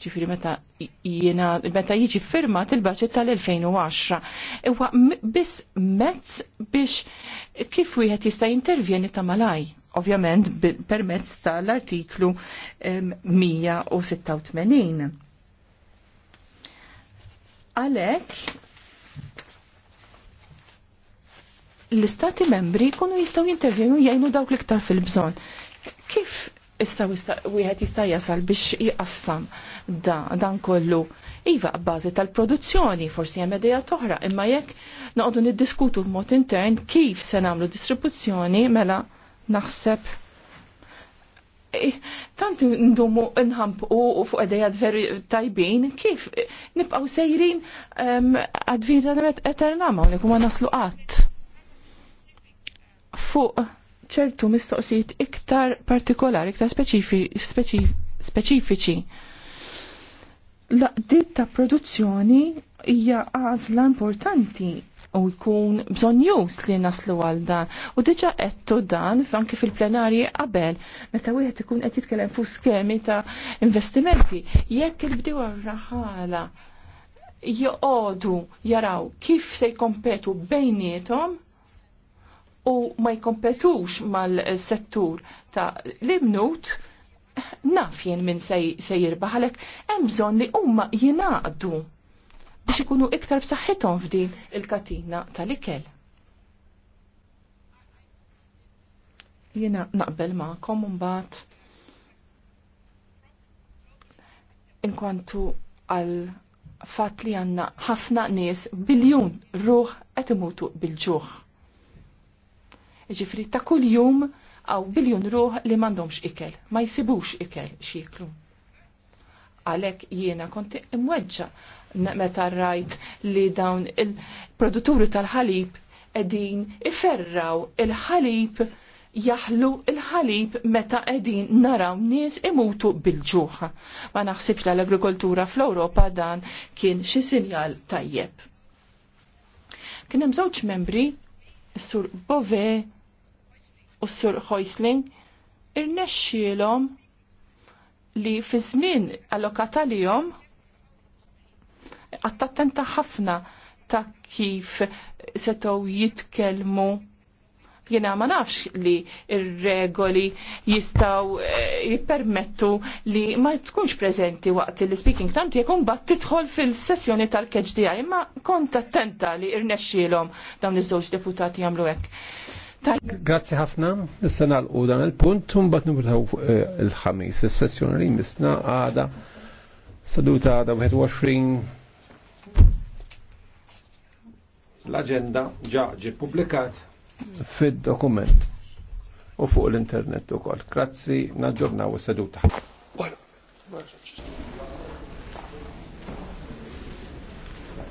ġifiri meta jiena, meta jiġi firma il-budget tal-2010. Iwa biss mezz biex kif wieħed jista' jintervjeni ta' malaj, ovvjament permezz tal-artiklu 186. Għalek, l-istati membri kunu jistaw jintervjenu jgħinu dawk liktar fil-bżon. Kif issa wieħed jista' jasal biex jqassam da, dan kollu. Iva, bazi tal-produzzjoni, forsi hemm ideja toħra, imma jekk noqogħdu niddiskutu b'mod intern kif se nagħmlu distribuzzjoni mela naħseb tant ndumu u fuq idejat veri tajbin, kif nibqaw sejrin għadvita um, eternama unik ma naslu qatt. Fuq ċertu mistoqsijiet iktar partikolari, iktar speċifiċi laqdiet ta' produzzjoni hija għażla importanti u jkun bżonjus li naslu għal dan. U diġa għettu dan anke fil-plenarji qabel, meta wieħed ikun qed jitkellem fuq skemi ta' investimenti. Jekk il-bdew raħala joqogħdu jaraw kif se jkompetu bejnietom u ma jkompetux mal-settur ta' l-imnut, naf jien minn se jirbaħ għalhekk hemm bżonn li huma jingħaqdu biex ikunu iktar b'saħħithom f'din il-katina tal-ikel. Jiena naqbel magħkom mbagħad inkwantu għal fatt li għandna ħafna nies biljun ruħ qed imutu bil-ġuħ. Ġifri ta' kuljum għaw biljun ruħ li mandomx ikel, ma jisibux ikel xieklu. Għalek jiena konti imweġġa meta rajt li dawn il-produtturi tal-ħalib edin iferraw il-ħalib jaħlu il-ħalib meta edin naraw nies imutu bil-ġuħa. Ma naħsibx l agrikoltura fl-Ewropa dan kien xi sinjal tajjeb. Kien hemm żewġ membri, sur Bove u s-sur Hoisling irnexxielhom li fi żmien allokata lihom għattatenta ħafna ta' kif setgħu jitkellmu Jiena ma nafx li ir-regoli jistaw eh, jippermettu li ma tkunx prezenti waqt il-speaking tant jekun bat titħol fil-sessjoni tal-keġdija imma kont attenta li irnexxielhom dawn iż-żewġ deputati jagħmlu hekk.
Grazie ħafna, l-u dan il-punt, un bat nibutaw eh, il-ħamis, il-sessjoni li misna għada, saduta għada 21. L-agenda ġaġi publikat fil dokument u fuq l-internet u kol. Grazie, naġġornaw is saduta. Well,